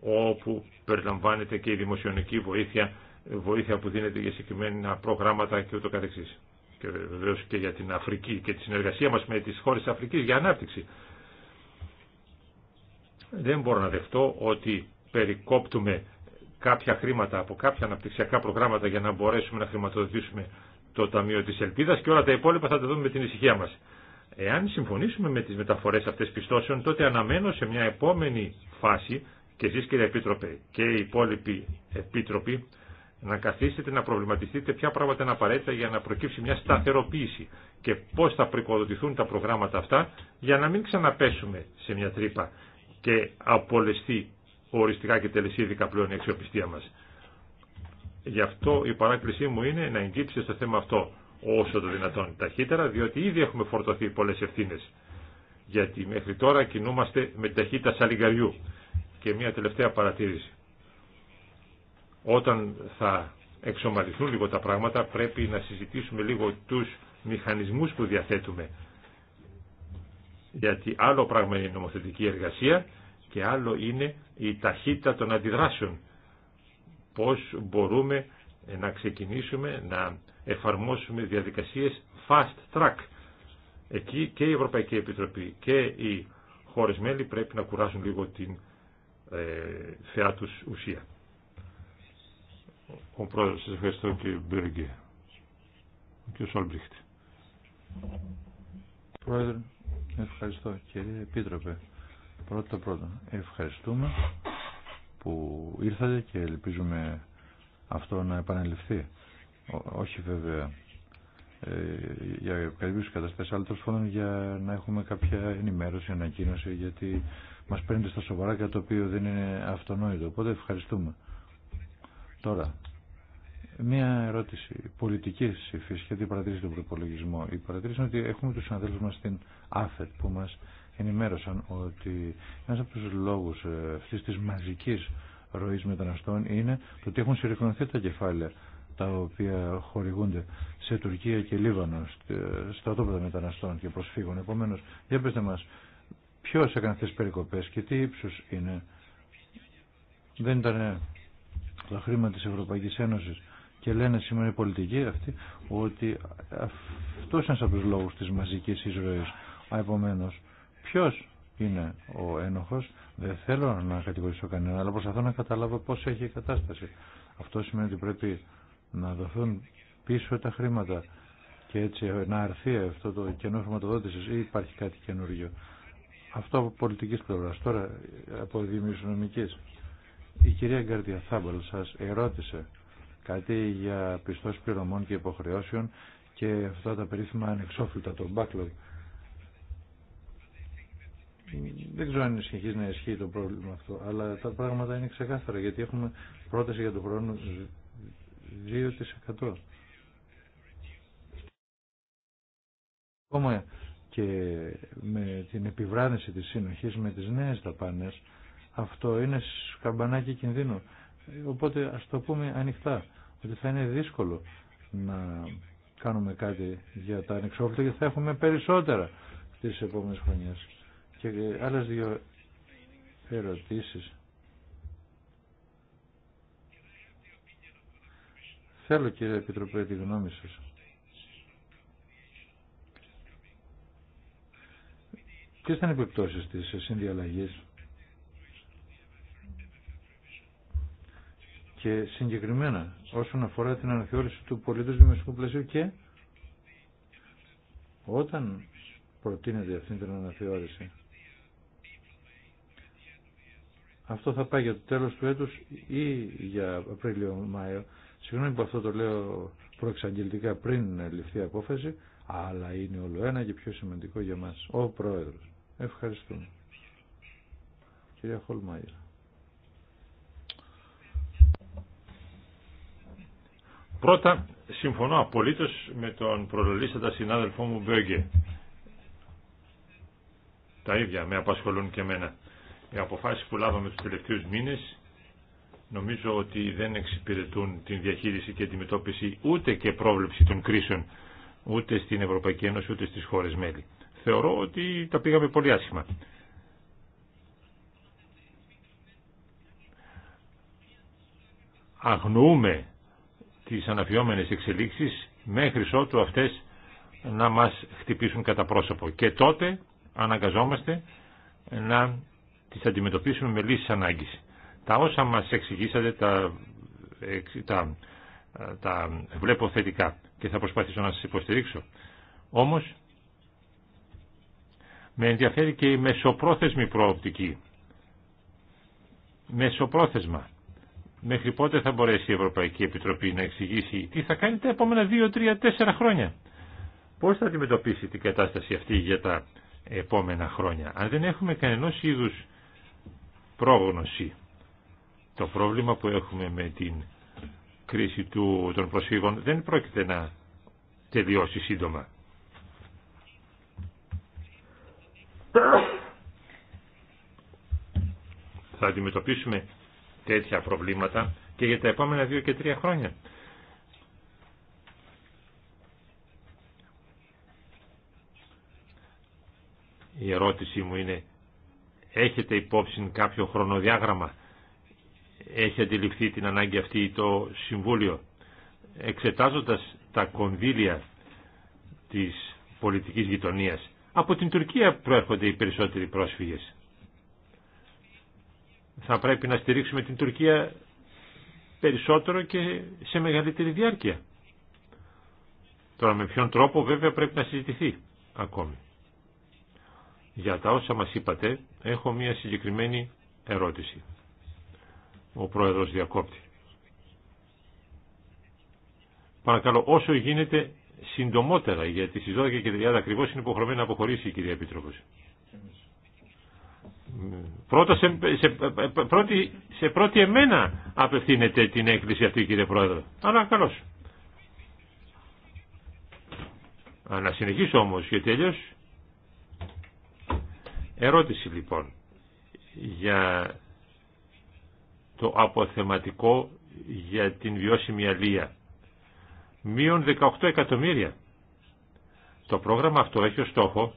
όπου περιλαμβάνεται και η δημοσιονική βοήθεια, βοήθεια που δίνεται για συγκεκριμένα προγράμματα και ούτω καθεξής. Και βεβαίω και για την Αφρική και τη συνεργασία μας με τις χώρες της Αφρικής για ανάπτυξη. Δεν μπορώ να δεχτώ ότι περικόπτουμε κάποια χρήματα από κάποια αναπτυξιακά προγράμματα για να μπορέσουμε να χρηματοδοτήσουμε το Ταμείο της Ελπίδας και όλα τα υπόλοιπα θα τα δούμε με την ησυχία μας. Εάν συμφωνήσουμε με τις μεταφορές αυτές πιστώσεων, τότε αναμένω σε μια επόμενη φάση, και εσείς κύριε Επίτροπε και οι υπόλοιποι Επίτροποι, να καθίσετε να προβληματιστείτε ποια πράγματα είναι απαραίτητα για να προκύψει μια σταθεροποίηση και πώς θα πρικοδοτηθούν τα προγράμματα αυτά για να μην ξαναπέσουμε σε μια τρύπα και απολεστεί οριστικά και τελεσίδικα πλέον η αξιοπιστία μας. Γι' αυτό η παράκλησή μου είναι να εγκύψετε στο θέμα αυτό όσο το δυνατόν ταχύτερα, διότι ήδη έχουμε φορτωθεί πολλές ευθύνε. Γιατί μέχρι τώρα κινούμαστε με την ταχύτητα σαλιγκαριού. Και μια τελευταία παρατήρηση. Όταν θα εξομαλυθούν λίγο τα πράγματα, πρέπει να συζητήσουμε λίγο τους μηχανισμούς που διαθέτουμε. Γιατί άλλο πράγμα είναι η νομοθετική εργασία και άλλο είναι η ταχύτητα των αντιδράσεων. Πώς μπορούμε να ξεκινήσουμε να εφαρμόσουμε διαδικασίες fast track. Εκεί και η Ευρωπαϊκή Επιτροπή και οι χώρες μέλη πρέπει να κουράσουν λίγο την ε, θεά τους ουσία. Ο πρόεδρος, σας ευχαριστώ κύριε Μπέργκε. Ο κύριος Πρόεδρε, ευχαριστώ κύριε Επίτροπε. Πρώτα πρώτα, ευχαριστούμε που ήρθατε και ελπίζουμε αυτό να επαναληφθεί. όχι βέβαια ε, για κάποιους καταστάσεις, αλλά τόσο για να έχουμε κάποια ενημέρωση, ανακοίνωση, γιατί μας παίρνετε στα σοβαρά και το οποίο δεν είναι αυτονόητο. Οπότε ευχαριστούμε. Τώρα, μία ερώτηση πολιτική υφή γιατί παρατηρήσει τον προπολογισμό. Η παρατήρηση είναι ότι έχουμε του συναδέλφου μα στην ΑΦΕΤ που μα ενημέρωσαν ότι ένα από του λόγου ε, αυτή τη μαζική ροή μεταναστών είναι το ότι έχουν συρρυκνωθεί τα κεφάλαια τα οποία χορηγούνται σε Τουρκία και Λίβανο στρατόπεδα μεταναστών και προσφύγων. Επομένω, για πετε μα, ποιο έκανε αυτέ τι περικοπές και τι ύψου είναι. Δεν ήταν τα χρήματα τη Ευρωπαϊκή Ένωση και λένε σήμερα οι πολιτικοί αυτοί ότι αυτό είναι από του λόγου τη μαζική εισρωή. επομένω, ποιο είναι ο ένοχος. Δεν θέλω να κατηγορήσω κανέναν, αλλά προσπαθώ να καταλάβω πώς έχει η κατάσταση. Αυτό σημαίνει ότι πρέπει να δοθούν πίσω τα χρήματα και έτσι να αρθεί αυτό το κενό χρηματοδότησης ή υπάρχει κάτι καινούργιο. Αυτό από πολιτικής πλευράς, τώρα από δημιουργικής. Η κυρία Γκάρτια η κυρια γκαρδια θαμπαλ σας ερώτησε κάτι για πιστός πληρωμών και υποχρεώσεων και αυτά τα περίφημα ανεξόφλητα, το backlog δεν ξέρω αν συνεχίζει να ισχύει το πρόβλημα αυτό, αλλά τα πράγματα είναι ξεκάθαρα γιατί έχουμε πρόταση για τον χρόνο 2%. Ακόμα και με την επιβράδυνση της συνοχής με τις νέες ταπάνες, αυτό είναι σκαμπανάκι κινδύνου. Οπότε ας το πούμε ανοιχτά, ότι θα είναι δύσκολο να κάνουμε κάτι για τα ανεξόφλητα και θα έχουμε περισσότερα τις επόμενες χρονιές. Και ε, άλλες δύο ερωτήσεις. Θέλω κύριε Επιτροπέ τη γνώμη σας. Ποιες ήταν οι επιπτώσεις της συνδιαλλαγής και συγκεκριμένα όσον αφορά την αναθεώρηση του πολίτου δημοσίου πλαισίου και όταν προτείνεται αυτή την αναθεώρηση Αυτό θα πάει για το τέλος του έτους ή για Απρίλιο-Μάιο. Συγγνώμη που αυτό το λέω προεξαγγελτικά πριν ληφθεί απόφαση, αλλά είναι όλο ένα και πιο σημαντικό για μας. Ο Πρόεδρος. Ευχαριστούμε. Κυρία Χολμάιρα. Πρώτα, συμφωνώ απολύτως με τον τα συνάδελφό μου Μπέγκε. Τα ίδια με απασχολούν και εμένα. Οι αποφάσεις που λάβαμε τους τελευταίους μήνες νομίζω ότι δεν εξυπηρετούν την διαχείριση και αντιμετώπιση ούτε και πρόβλεψη των κρίσεων ούτε στην Ευρωπαϊκή Ένωση ούτε στις χώρες μέλη. Θεωρώ ότι τα πήγαμε πολύ άσχημα. Αγνοούμε τις αναφιόμενες εξελίξεις μέχρι ότου αυτές να μας χτυπήσουν κατά πρόσωπο. Και τότε αναγκαζόμαστε να τις αντιμετωπίσουμε με λύσεις ανάγκης. Τα όσα μας εξηγήσατε τα, τα, ε, τα βλέπω θετικά και θα προσπαθήσω να σας υποστηρίξω. Όμως, με ενδιαφέρει και η μεσοπρόθεσμη προοπτική. Μεσοπρόθεσμα. Μέχρι πότε θα μπορέσει η Ευρωπαϊκή Επιτροπή να εξηγήσει τι θα κάνει τα επόμενα 2, 3, 4 χρόνια. Πώς θα αντιμετωπίσει την κατάσταση αυτή για τα επόμενα χρόνια. Αν δεν έχουμε κανένας είδους πρόγνωση. Το πρόβλημα που έχουμε με την κρίση του, των προσφύγων δεν πρόκειται να τελειώσει σύντομα. Θα αντιμετωπίσουμε τέτοια προβλήματα και για τα επόμενα δύο και τρία χρόνια. Η ερώτησή μου είναι έχετε υπόψη κάποιο χρονοδιάγραμμα. Έχει αντιληφθεί την ανάγκη αυτή το Συμβούλιο. Εξετάζοντας τα κονδύλια της πολιτικής γειτονίας, από την Τουρκία προέρχονται οι περισσότεροι πρόσφυγες. Θα πρέπει να στηρίξουμε την Τουρκία περισσότερο και σε μεγαλύτερη διάρκεια. Τώρα με ποιον τρόπο βέβαια πρέπει να συζητηθεί ακόμη. Για τα όσα μας είπατε, έχω μία συγκεκριμένη ερώτηση. Ο πρόεδρος διακόπτη. Παρακαλώ, όσο γίνεται συντομότερα, γιατί στις 12.30 ακριβώς είναι υποχρεωμένη να αποχωρήσει η κυρία Επίτροπος. Πρώτα σε, πρώτη, εμένα απευθύνεται την έκκληση αυτή κύριε Πρόεδρε. Αλλά καλώς. Να συνεχίσω όμως και τέλειως Ερώτηση λοιπόν για το αποθεματικό για την βιώσιμη αλία. Μείον 18 εκατομμύρια. Το πρόγραμμα αυτό έχει ως στόχο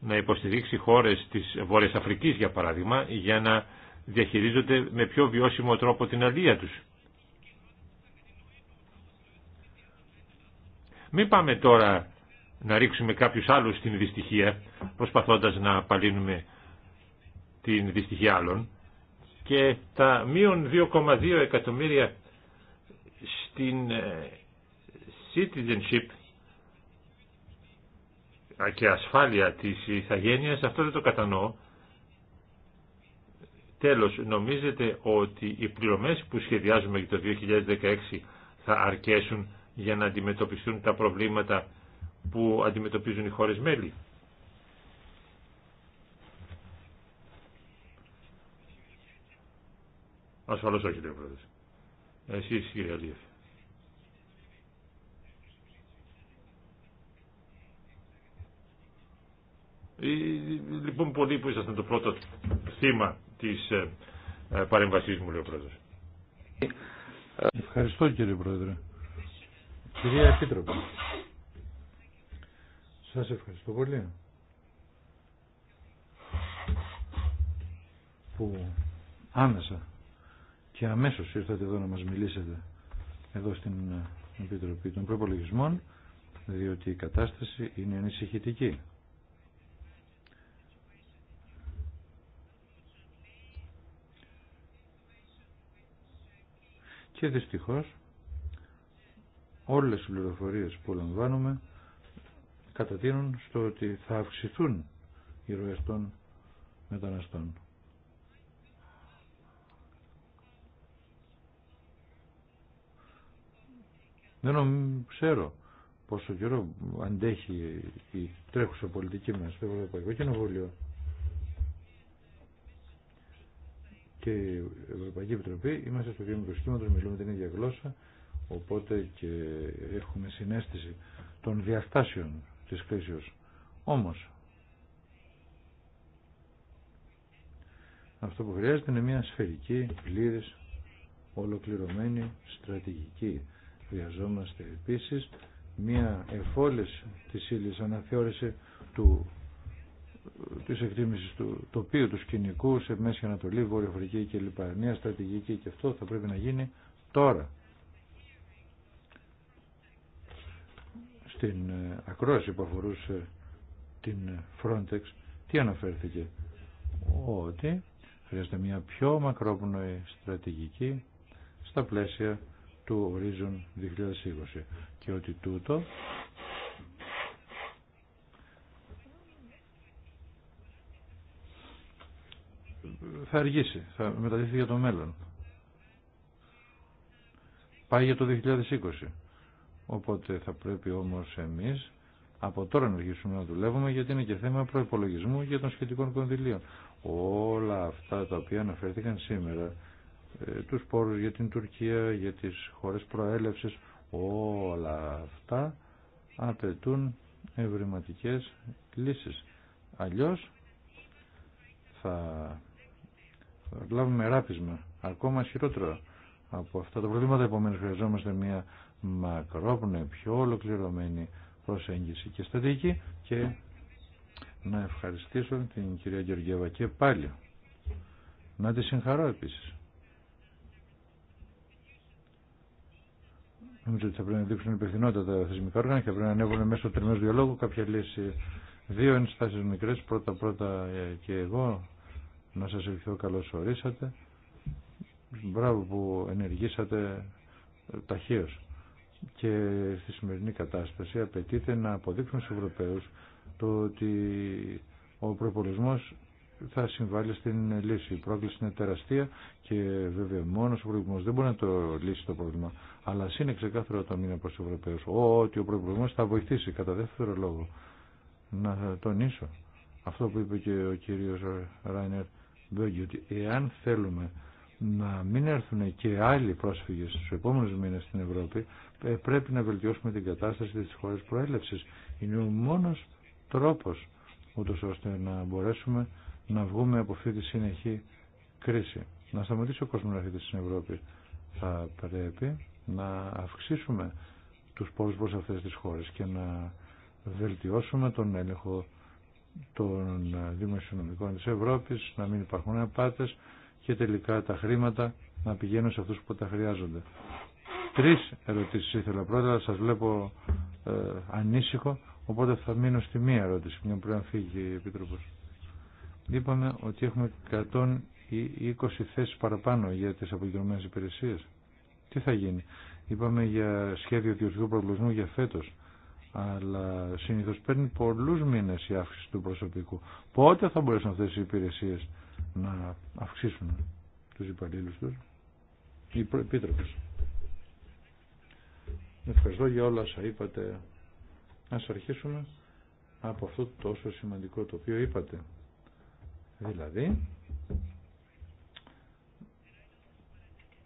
να υποστηρίξει χώρες της Βόρειας Αφρικής για παράδειγμα για να διαχειρίζονται με πιο βιώσιμο τρόπο την αλία τους. Μην πάμε τώρα να ρίξουμε κάποιους άλλους στην δυστυχία, προσπαθώντας να απαλύνουμε την δυστυχία άλλων. Και τα μείον 2,2 εκατομμύρια στην ε, citizenship και ασφάλεια της ηθαγένειας, αυτό δεν το κατανοώ. Τέλος, νομίζετε ότι οι πληρωμές που σχεδιάζουμε για το 2016 θα αρκέσουν για να αντιμετωπιστούν τα προβλήματα που αντιμετωπίζουν οι χώρες μέλη. Ασφαλώς όχι, κύριε Πρόεδρε Εσείς, κύριε Αλίεφ. Ε, λοιπόν, πολύ που ήσασταν το πρώτο θύμα της ε, ε, παρέμβασής μου, λέει ο πρόεδρος. Ευχαριστώ, κύριε πρόεδρε. Κυρία Επίτροπε. Σας ευχαριστώ πολύ που άμεσα και αμέσως ήρθατε εδώ να μας μιλήσετε εδώ στην Επιτροπή των Προπολογισμών διότι η κατάσταση είναι ανησυχητική. Και δυστυχώς όλες οι πληροφορίες που λαμβάνουμε κατατείνουν στο ότι θα αυξηθούν οι ροές των μεταναστών. Δεν ξέρω πόσο καιρό αντέχει η τρέχουσα πολιτική μας στο Ευρωπαϊκό Κοινοβούλιο και η Ευρωπαϊκή Επιτροπή είμαστε στο ίδιο μικροσχήματος, μιλούμε την ίδια γλώσσα οπότε και έχουμε συνέστηση των διαστάσεων της κρίσεως. Όμως, αυτό που χρειάζεται είναι μια σφαιρική, πλήρης, ολοκληρωμένη στρατηγική. Χρειαζόμαστε επίσης μια εφόλες της ύλη αναθεώρηση του της εκτίμησης του τοπίου, του σκηνικού σε Μέση Ανατολή, Βόρεια Αφρική κλπ. Μια στρατηγική και αυτό θα πρέπει να γίνει τώρα. στην ε, ακρόαση που αφορούσε την ε, Frontex, τι αναφέρθηκε. Ότι χρειάζεται μια πιο μακρόπνοη στρατηγική στα πλαίσια του Horizon 2020 και ότι τούτο θα αργήσει, θα μεταδίθει για το μέλλον. Πάει για το 2020. Οπότε θα πρέπει όμως εμείς από τώρα να αρχίσουμε να δουλεύουμε γιατί είναι και θέμα προϋπολογισμού για των σχετικών κονδυλίων. Όλα αυτά τα οποία αναφέρθηκαν σήμερα, ε, τους πόρους για την Τουρκία, για τις χώρες προέλευσης, όλα αυτά απαιτούν ευρηματικές λύσεις. Αλλιώς θα λάβουμε ράπισμα ακόμα χειρότερα από αυτά τα προβλήματα. Επομένως χρειαζόμαστε μια μακρόπνοη, πιο ολοκληρωμένη προσέγγιση και στατική και να ευχαριστήσω την κυρία Γεωργέβα και πάλι. Να τη συγχαρώ επίσης. Νομίζω ότι θα πρέπει να δείξουν υπευθυνότητα τα θεσμικά όργανα και θα πρέπει να ανέβουν μέσω τριμμένου διαλόγου κάποια λύση. Δύο ενστάσει μικρέ. Πρώτα-πρώτα ε, και εγώ να σα ευχηθώ καλώ ορίσατε. Μπράβο που ενεργήσατε ταχύως. Και στη σημερινή κατάσταση απαιτείται να αποδείξουμε στους Ευρωπαίους το ότι ο προπολογισμό θα συμβάλλει στην λύση. Η πρόκληση είναι τεραστία και βέβαια μόνος ο προπολογισμό δεν μπορεί να το λύσει το πρόβλημα. Αλλά είναι ξεκάθαρο το προς προ του Ευρωπαίου ότι ο προπολογισμό θα βοηθήσει κατά δεύτερο λόγο. Να τονίσω αυτό που είπε και ο κύριος Ράινερ Μπέγγι ότι εάν θέλουμε να μην έρθουν και άλλοι πρόσφυγες στους επόμενους μήνες στην Ευρώπη, ε, πρέπει να βελτιώσουμε την κατάσταση της χώρας προέλευσης. Είναι ο μόνος τρόπος ούτως ώστε να μπορέσουμε να βγούμε από αυτή τη συνεχή κρίση. Να σταματήσει ο κόσμος να έρχεται στην Ευρώπη. Θα πρέπει να αυξήσουμε τους πόρους προς αυτές τις χώρες και να βελτιώσουμε τον έλεγχο των δημοσιονομικών της Ευρώπης, να μην υπάρχουν απάτες, και τελικά τα χρήματα να πηγαίνουν σε αυτούς που τα χρειάζονται. Τρεις ερωτήσεις ήθελα πρώτα, σας βλέπω ε, ανήσυχο, οπότε θα μείνω στη μία ερώτηση, μια που να φύγει η Επίτροπος. Είπαμε ότι έχουμε 120 θέσεις παραπάνω για τις αποκεντρωμένες υπηρεσίες. Τι θα γίνει. Είπαμε για σχέδιο διορθικού προβλησμού για φέτος αλλά συνήθως παίρνει πολλούς μήνες η αύξηση του προσωπικού. Πότε θα μπορέσουν αυτές οι υπηρεσίες να αυξήσουν τους υπαλλήλους τους οι προεπίτροπες. Ευχαριστώ για όλα όσα είπατε. Ας αρχίσουμε από αυτό το τόσο σημαντικό το οποίο είπατε. Δηλαδή,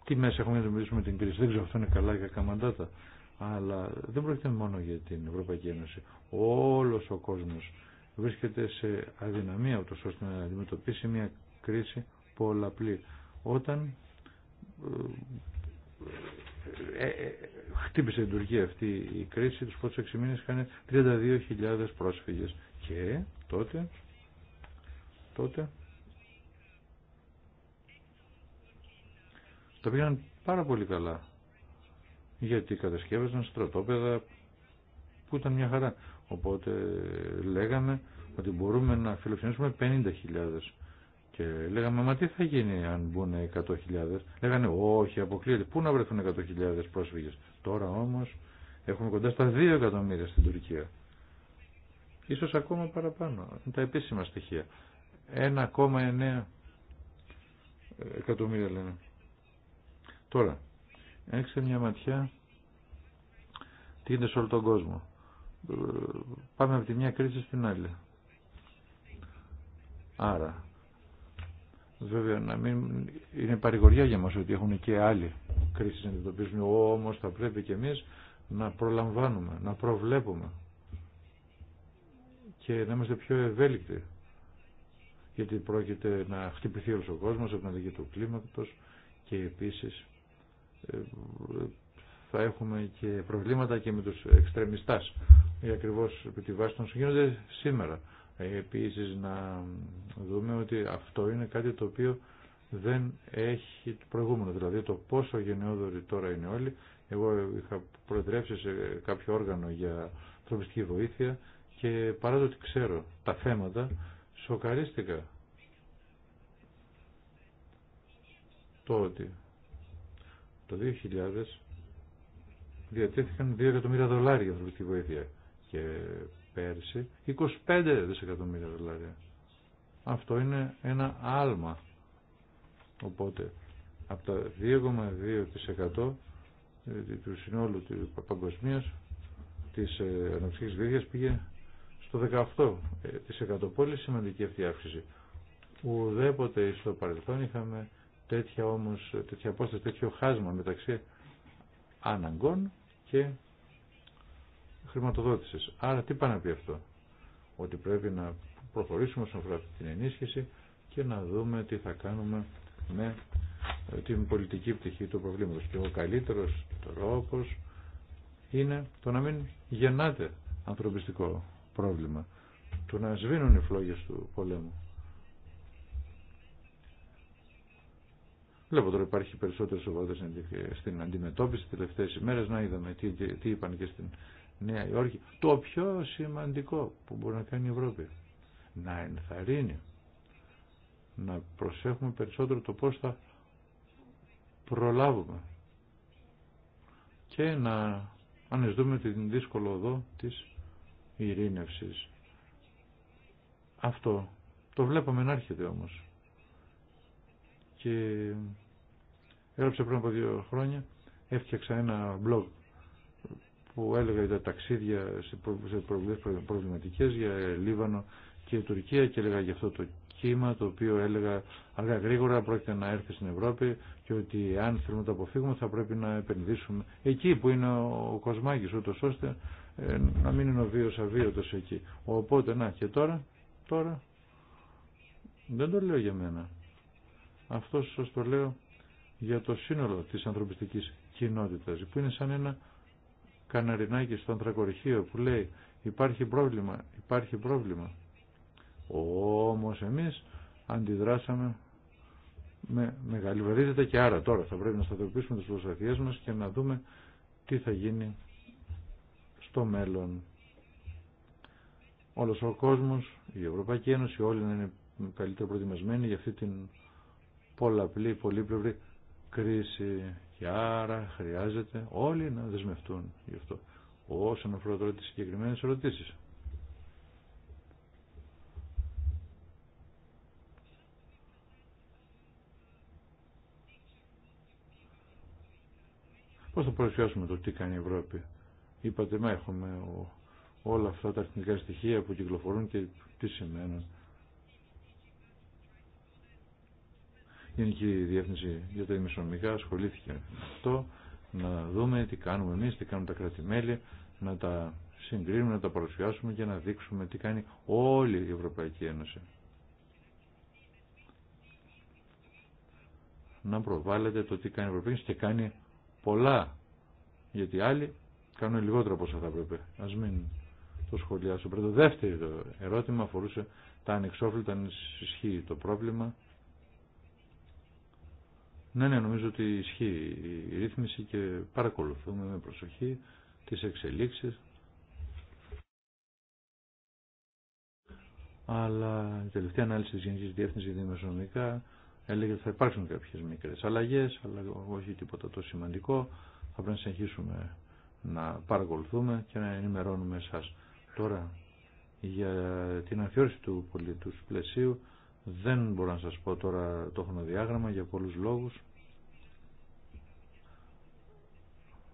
τι μέσα έχουμε να δημιουργήσουμε την κρίση. Δεν ξέρω αυτό είναι καλά για καμαντάτα. Αλλά δεν πρόκειται μόνο για την Ευρωπαϊκή Ένωση. Όλος ο κόσμος βρίσκεται σε αδυναμία ούτως ώστε να αντιμετωπίσει μια κρίση πολλαπλή. Όταν ε, ε, ε χτύπησε την Τουρκία αυτή η κρίση, τους πρώτους 6 μήνες είχαν 32.000 πρόσφυγες. Και τότε, τότε, τα πήγαν πάρα πολύ καλά. Γιατί κατασκεύασαν στρατόπεδα που ήταν μια χαρά. Οπότε ε, λέγαμε ότι μπορούμε να φιλοξενήσουμε 50.000 και λέγαμε, μα τι θα γίνει αν μπουν 100.000. Λέγανε, όχι, αποκλείεται. Πού να βρεθούν 100.000 πρόσφυγες. Τώρα όμως έχουμε κοντά στα 2 εκατομμύρια στην Τουρκία. Ίσως ακόμα παραπάνω. Είναι τα επίσημα στοιχεία. 1,9 εκατομμύρια λένε. Τώρα, έξε μια ματιά τι γίνεται σε όλο τον κόσμο. Ε, πάμε από τη μια κρίση στην άλλη. Άρα, Βέβαια, να μην είναι παρηγοριά για μας ότι έχουν και άλλοι κρίσεις να αντιμετωπίζουν. Όμως θα πρέπει και εμείς να προλαμβάνουμε, να προβλέπουμε και να είμαστε πιο ευέλικτοι. Γιατί πρόκειται να χτυπηθεί όλος ο κόσμος από την το του κλίματος και επίσης ε, θα έχουμε και προβλήματα και με τους εξτρεμιστάς. Ακριβώς επί τη βάση των γίνονται σήμερα. Επίσης να δούμε ότι αυτό είναι κάτι το οποίο δεν έχει προηγούμενο. Δηλαδή το πόσο γενναιόδοροι τώρα είναι όλοι. Εγώ είχα προεδρεύσει σε κάποιο όργανο για ανθρωπιστική βοήθεια και παρά το ότι ξέρω τα θέματα, σοκαρίστηκα το ότι το 2000 διατέθηκαν 2 εκατομμύρια δολάρια για ανθρωπιστική βοήθεια και πέρσι 25 δισεκατομμύρια δολάρια. Αυτό είναι ένα άλμα. Οπότε από τα 2,2% ε, του συνόλου του παγκοσμίας της ε, αναψυχής βίδιας πήγε στο 18% πολύ σημαντική αυτή η αύξηση. Ουδέποτε στο παρελθόν είχαμε τέτοια όμως, τέτοια απόσταση, τέτοιο χάσμα μεταξύ αναγκών και χρηματοδότησης. Άρα τι πάνε να πει αυτό. Ότι πρέπει να προχωρήσουμε όσον αφορά την ενίσχυση και να δούμε τι θα κάνουμε με ε, την πολιτική πτυχή του προβλήματος. Και ο καλύτερος τρόπος είναι το να μην γεννάται ανθρωπιστικό πρόβλημα. Το να σβήνουν οι φλόγες του πολέμου. Βλέπω τώρα υπάρχει περισσότερες σοβαρότητα στην αντιμετώπιση. τελευταίες ημέρε να είδαμε τι, τι, τι είπαν και στην Νέα Υόρκη. Το πιο σημαντικό που μπορεί να κάνει η Ευρώπη. Να ενθαρρύνει. Να προσέχουμε περισσότερο το πώς θα προλάβουμε. Και να ανεσδούμε την δύσκολο οδό της ειρήνευσης. Αυτό το βλέπαμε να έρχεται όμως. Και έγραψε πριν από δύο χρόνια, έφτιαξα ένα blog που έλεγα για τα ταξίδια σε προβληματικές για Λίβανο και Τουρκία και έλεγα για αυτό το κύμα το οποίο έλεγα αργά γρήγορα πρόκειται να έρθει στην Ευρώπη και ότι αν θέλουμε να το αποφύγουμε θα πρέπει να επενδύσουμε εκεί που είναι ο Κοσμάκης ούτω ώστε ε, να μην είναι ο βίος αβίωτος εκεί. Οπότε να και τώρα, τώρα δεν το λέω για μένα. Αυτό σας το λέω για το σύνολο της ανθρωπιστικής κοινότητας που είναι σαν ένα Καναρινάκη στον Τρακοριχείο που λέει υπάρχει πρόβλημα, υπάρχει πρόβλημα. Όμως εμείς αντιδράσαμε με μεγάλη βαρύτητα και άρα τώρα θα πρέπει να σταθεροποιήσουμε τις προσπαθειές μας και να δούμε τι θα γίνει στο μέλλον. Όλος ο κόσμος, η Ευρωπαϊκή Ένωση, όλοι να είναι καλύτερα προετοιμασμένοι για αυτή την πολλαπλή, πολύπλευρη κρίση και άρα χρειάζεται όλοι να δεσμευτούν γι' αυτό. Όσον αφορά τώρα τις συγκεκριμένες ερωτήσεις. Πώς θα παρουσιάσουμε το τι κάνει η Ευρώπη. Είπατε, μα έχουμε όλα αυτά τα αρνητικά στοιχεία που κυκλοφορούν και τι σημαίνουν. Γενική Διεύθυνση για τα Δημοσιονομικά ασχολήθηκε με αυτό, να δούμε τι κάνουμε εμείς, τι κάνουν τα κράτη-μέλη, να τα συγκρίνουμε, να τα παρουσιάσουμε και να δείξουμε τι κάνει όλη η Ευρωπαϊκή Ένωση. Να προβάλλεται το τι κάνει η Ευρωπαϊκή Ένωση και κάνει πολλά, γιατί άλλοι κάνουν λιγότερο από όσα θα έπρεπε. Ας μην το σχολιάσω. το δεύτερο ερώτημα αφορούσε τα ανεξόφλητα, αν ισχύει το πρόβλημα ναι, ναι, νομίζω ότι ισχύει η ρύθμιση και παρακολουθούμε με προσοχή τις εξελίξεις. Αλλά η τελευταία ανάλυση της Γενικής Διεύθυνσης Δημοσιονομικά έλεγε ότι θα υπάρξουν κάποιες μικρές αλλαγές, αλλά όχι τίποτα το σημαντικό. Θα πρέπει να συνεχίσουμε να παρακολουθούμε και να ενημερώνουμε σας Τώρα για την αφιόρωση του πολιτούς πλαισίου δεν μπορώ να σας πω τώρα το χρονοδιάγραμμα για πολλούς λόγους.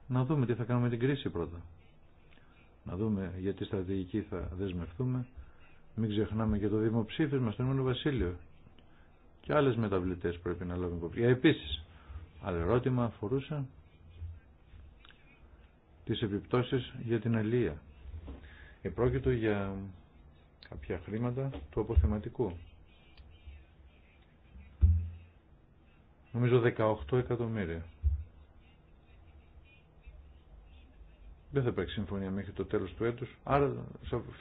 Να δούμε τι θα κάνουμε την κρίση πρώτα. Να δούμε για τι στρατηγική θα δεσμευτούμε. Μην ξεχνάμε και το δημοψήφισμα στο Ηνωμένο Βασίλειο. Και άλλες μεταβλητές πρέπει να λάβουμε υπόψη. Ε, επίσης, άλλο ερώτημα αφορούσε τις επιπτώσεις για την αλία. Επρόκειτο για κάποια χρήματα του αποθεματικού. νομίζω 18 εκατομμύρια. Δεν θα υπάρχει συμφωνία μέχρι το τέλος του έτους, άρα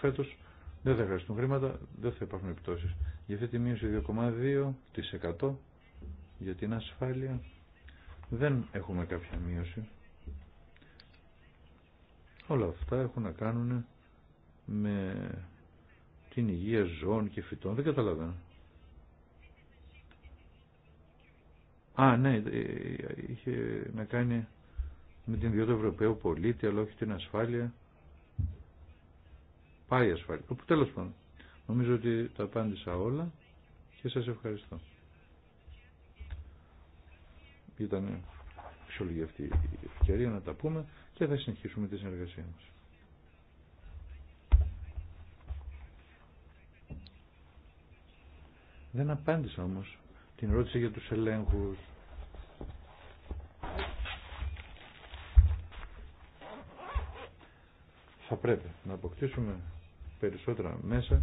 φέτος δεν θα χρειαστούν χρήματα, δεν θα υπάρχουν επιπτώσεις. Για αυτή τη μείωση 2,2% για την ασφάλεια δεν έχουμε κάποια μείωση. Όλα αυτά έχουν να κάνουν με την υγεία ζώων και φυτών. Δεν καταλαβαίνω. Α, ναι, ε, ε, είχε να κάνει με την ιδιότητα Ευρωπαίου πολίτη, αλλά όχι την ασφάλεια. Πάει η ασφάλεια. Οπότε, τέλος πάντων, νομίζω ότι τα απάντησα όλα και σας ευχαριστώ. Ήταν εξολογη αυτή η ευκαιρία να τα πούμε και θα συνεχίσουμε τη συνεργασία μας. Δεν απάντησα όμως την ερώτηση για τους ελέγχους. Θα πρέπει να αποκτήσουμε περισσότερα μέσα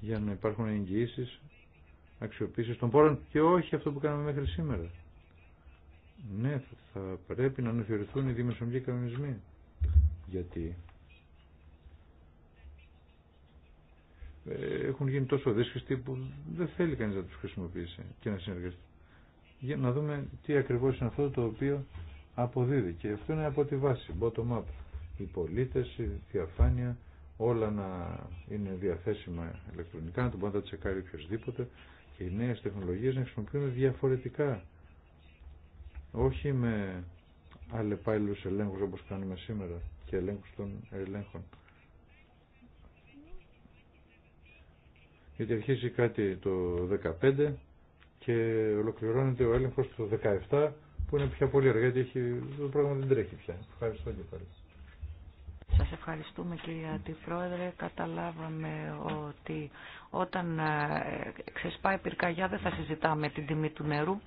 για να υπάρχουν εγγυήσει αξιοποίησης των πόρων και όχι αυτό που κάναμε μέχρι σήμερα. Ναι, θα πρέπει να αναφερθούν οι δημοσιομικοί κανονισμοί. Γιατί ε, έχουν γίνει τόσο δύσκολοι που δεν θέλει κανείς να τους χρησιμοποιήσει και να συνεργαστεί. Για να δούμε τι ακριβώς είναι αυτό το οποίο αποδίδει. Και αυτό είναι από τη βάση, bottom up. Οι πολίτε, η διαφάνεια, όλα να είναι διαθέσιμα ηλεκτρονικά, να το μπορεί να τα τσεκάρει οποιοδήποτε και οι νέες τεχνολογίες να χρησιμοποιούμε διαφορετικά. Όχι με αλλεπάλληλους ελέγχους όπως κάνουμε σήμερα και ελέγχους των ελέγχων. γιατί αρχίζει κάτι το 2015 και ολοκληρώνεται ο έλεγχος το 2017 που είναι πια πολύ αργά γιατί έχει, το πράγμα δεν τρέχει πια. Ευχαριστώ και πάλι. Σας ευχαριστούμε κύριε Αντιπρόεδρε. Καταλάβαμε ότι όταν ε, ξεσπάει πυρκαγιά δεν θα συζητάμε την τιμή του νερού.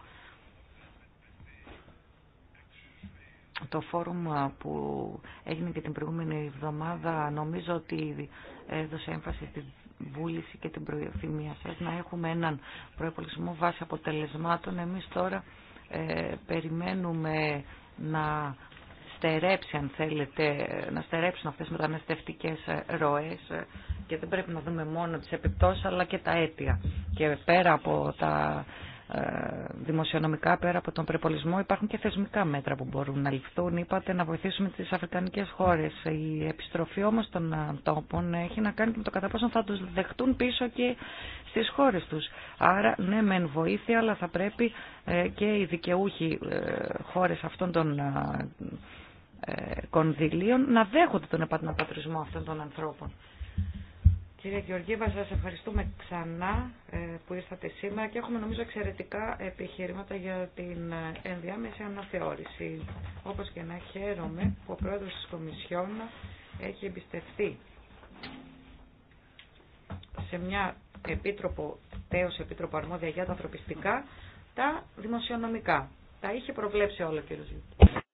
Το φόρουμ ε, που έγινε και την προηγούμενη εβδομάδα νομίζω ότι έδωσε έμφαση στην βούληση και την προεφημία σας να έχουμε έναν προεπολισμό βάσει αποτελεσμάτων. Εμείς τώρα ε, περιμένουμε να στερέψει, αν θέλετε, να στερέψουν αυτές οι μεταναστευτικές ροές ε, και δεν πρέπει να δούμε μόνο τις επιπτώσεις αλλά και τα αίτια. Και πέρα από τα ε, δημοσιονομικά πέρα από τον προπολισμό υπάρχουν και θεσμικά μέτρα που μπορούν να ληφθούν. Είπατε να βοηθήσουμε τις αφρικανικές χώρες. Η επιστροφή όμως των ε, τόπων έχει να κάνει με το κατά πόσο θα τους δεχτούν πίσω και στις χώρες τους. Άρα ναι μεν βοήθεια αλλά θα πρέπει ε, και οι δικαιούχοι χώρες αυτών των κονδυλίων να δέχονται τον επαναπατρισμό αυτών των ανθρώπων. Κύριε Γεωργίβα, σας ευχαριστούμε ξανά ε, που ήρθατε σήμερα και έχουμε νομίζω εξαιρετικά επιχειρήματα για την ε, ενδιάμεση αναθεώρηση. Όπως και να χαίρομαι που ο πρόεδρος της Κομισιόν έχει εμπιστευτεί σε μια επίτροπο, τέως επίτροπο αρμόδια για τα ανθρωπιστικά, τα δημοσιονομικά. Τα είχε προβλέψει όλο, ο Ζήτη.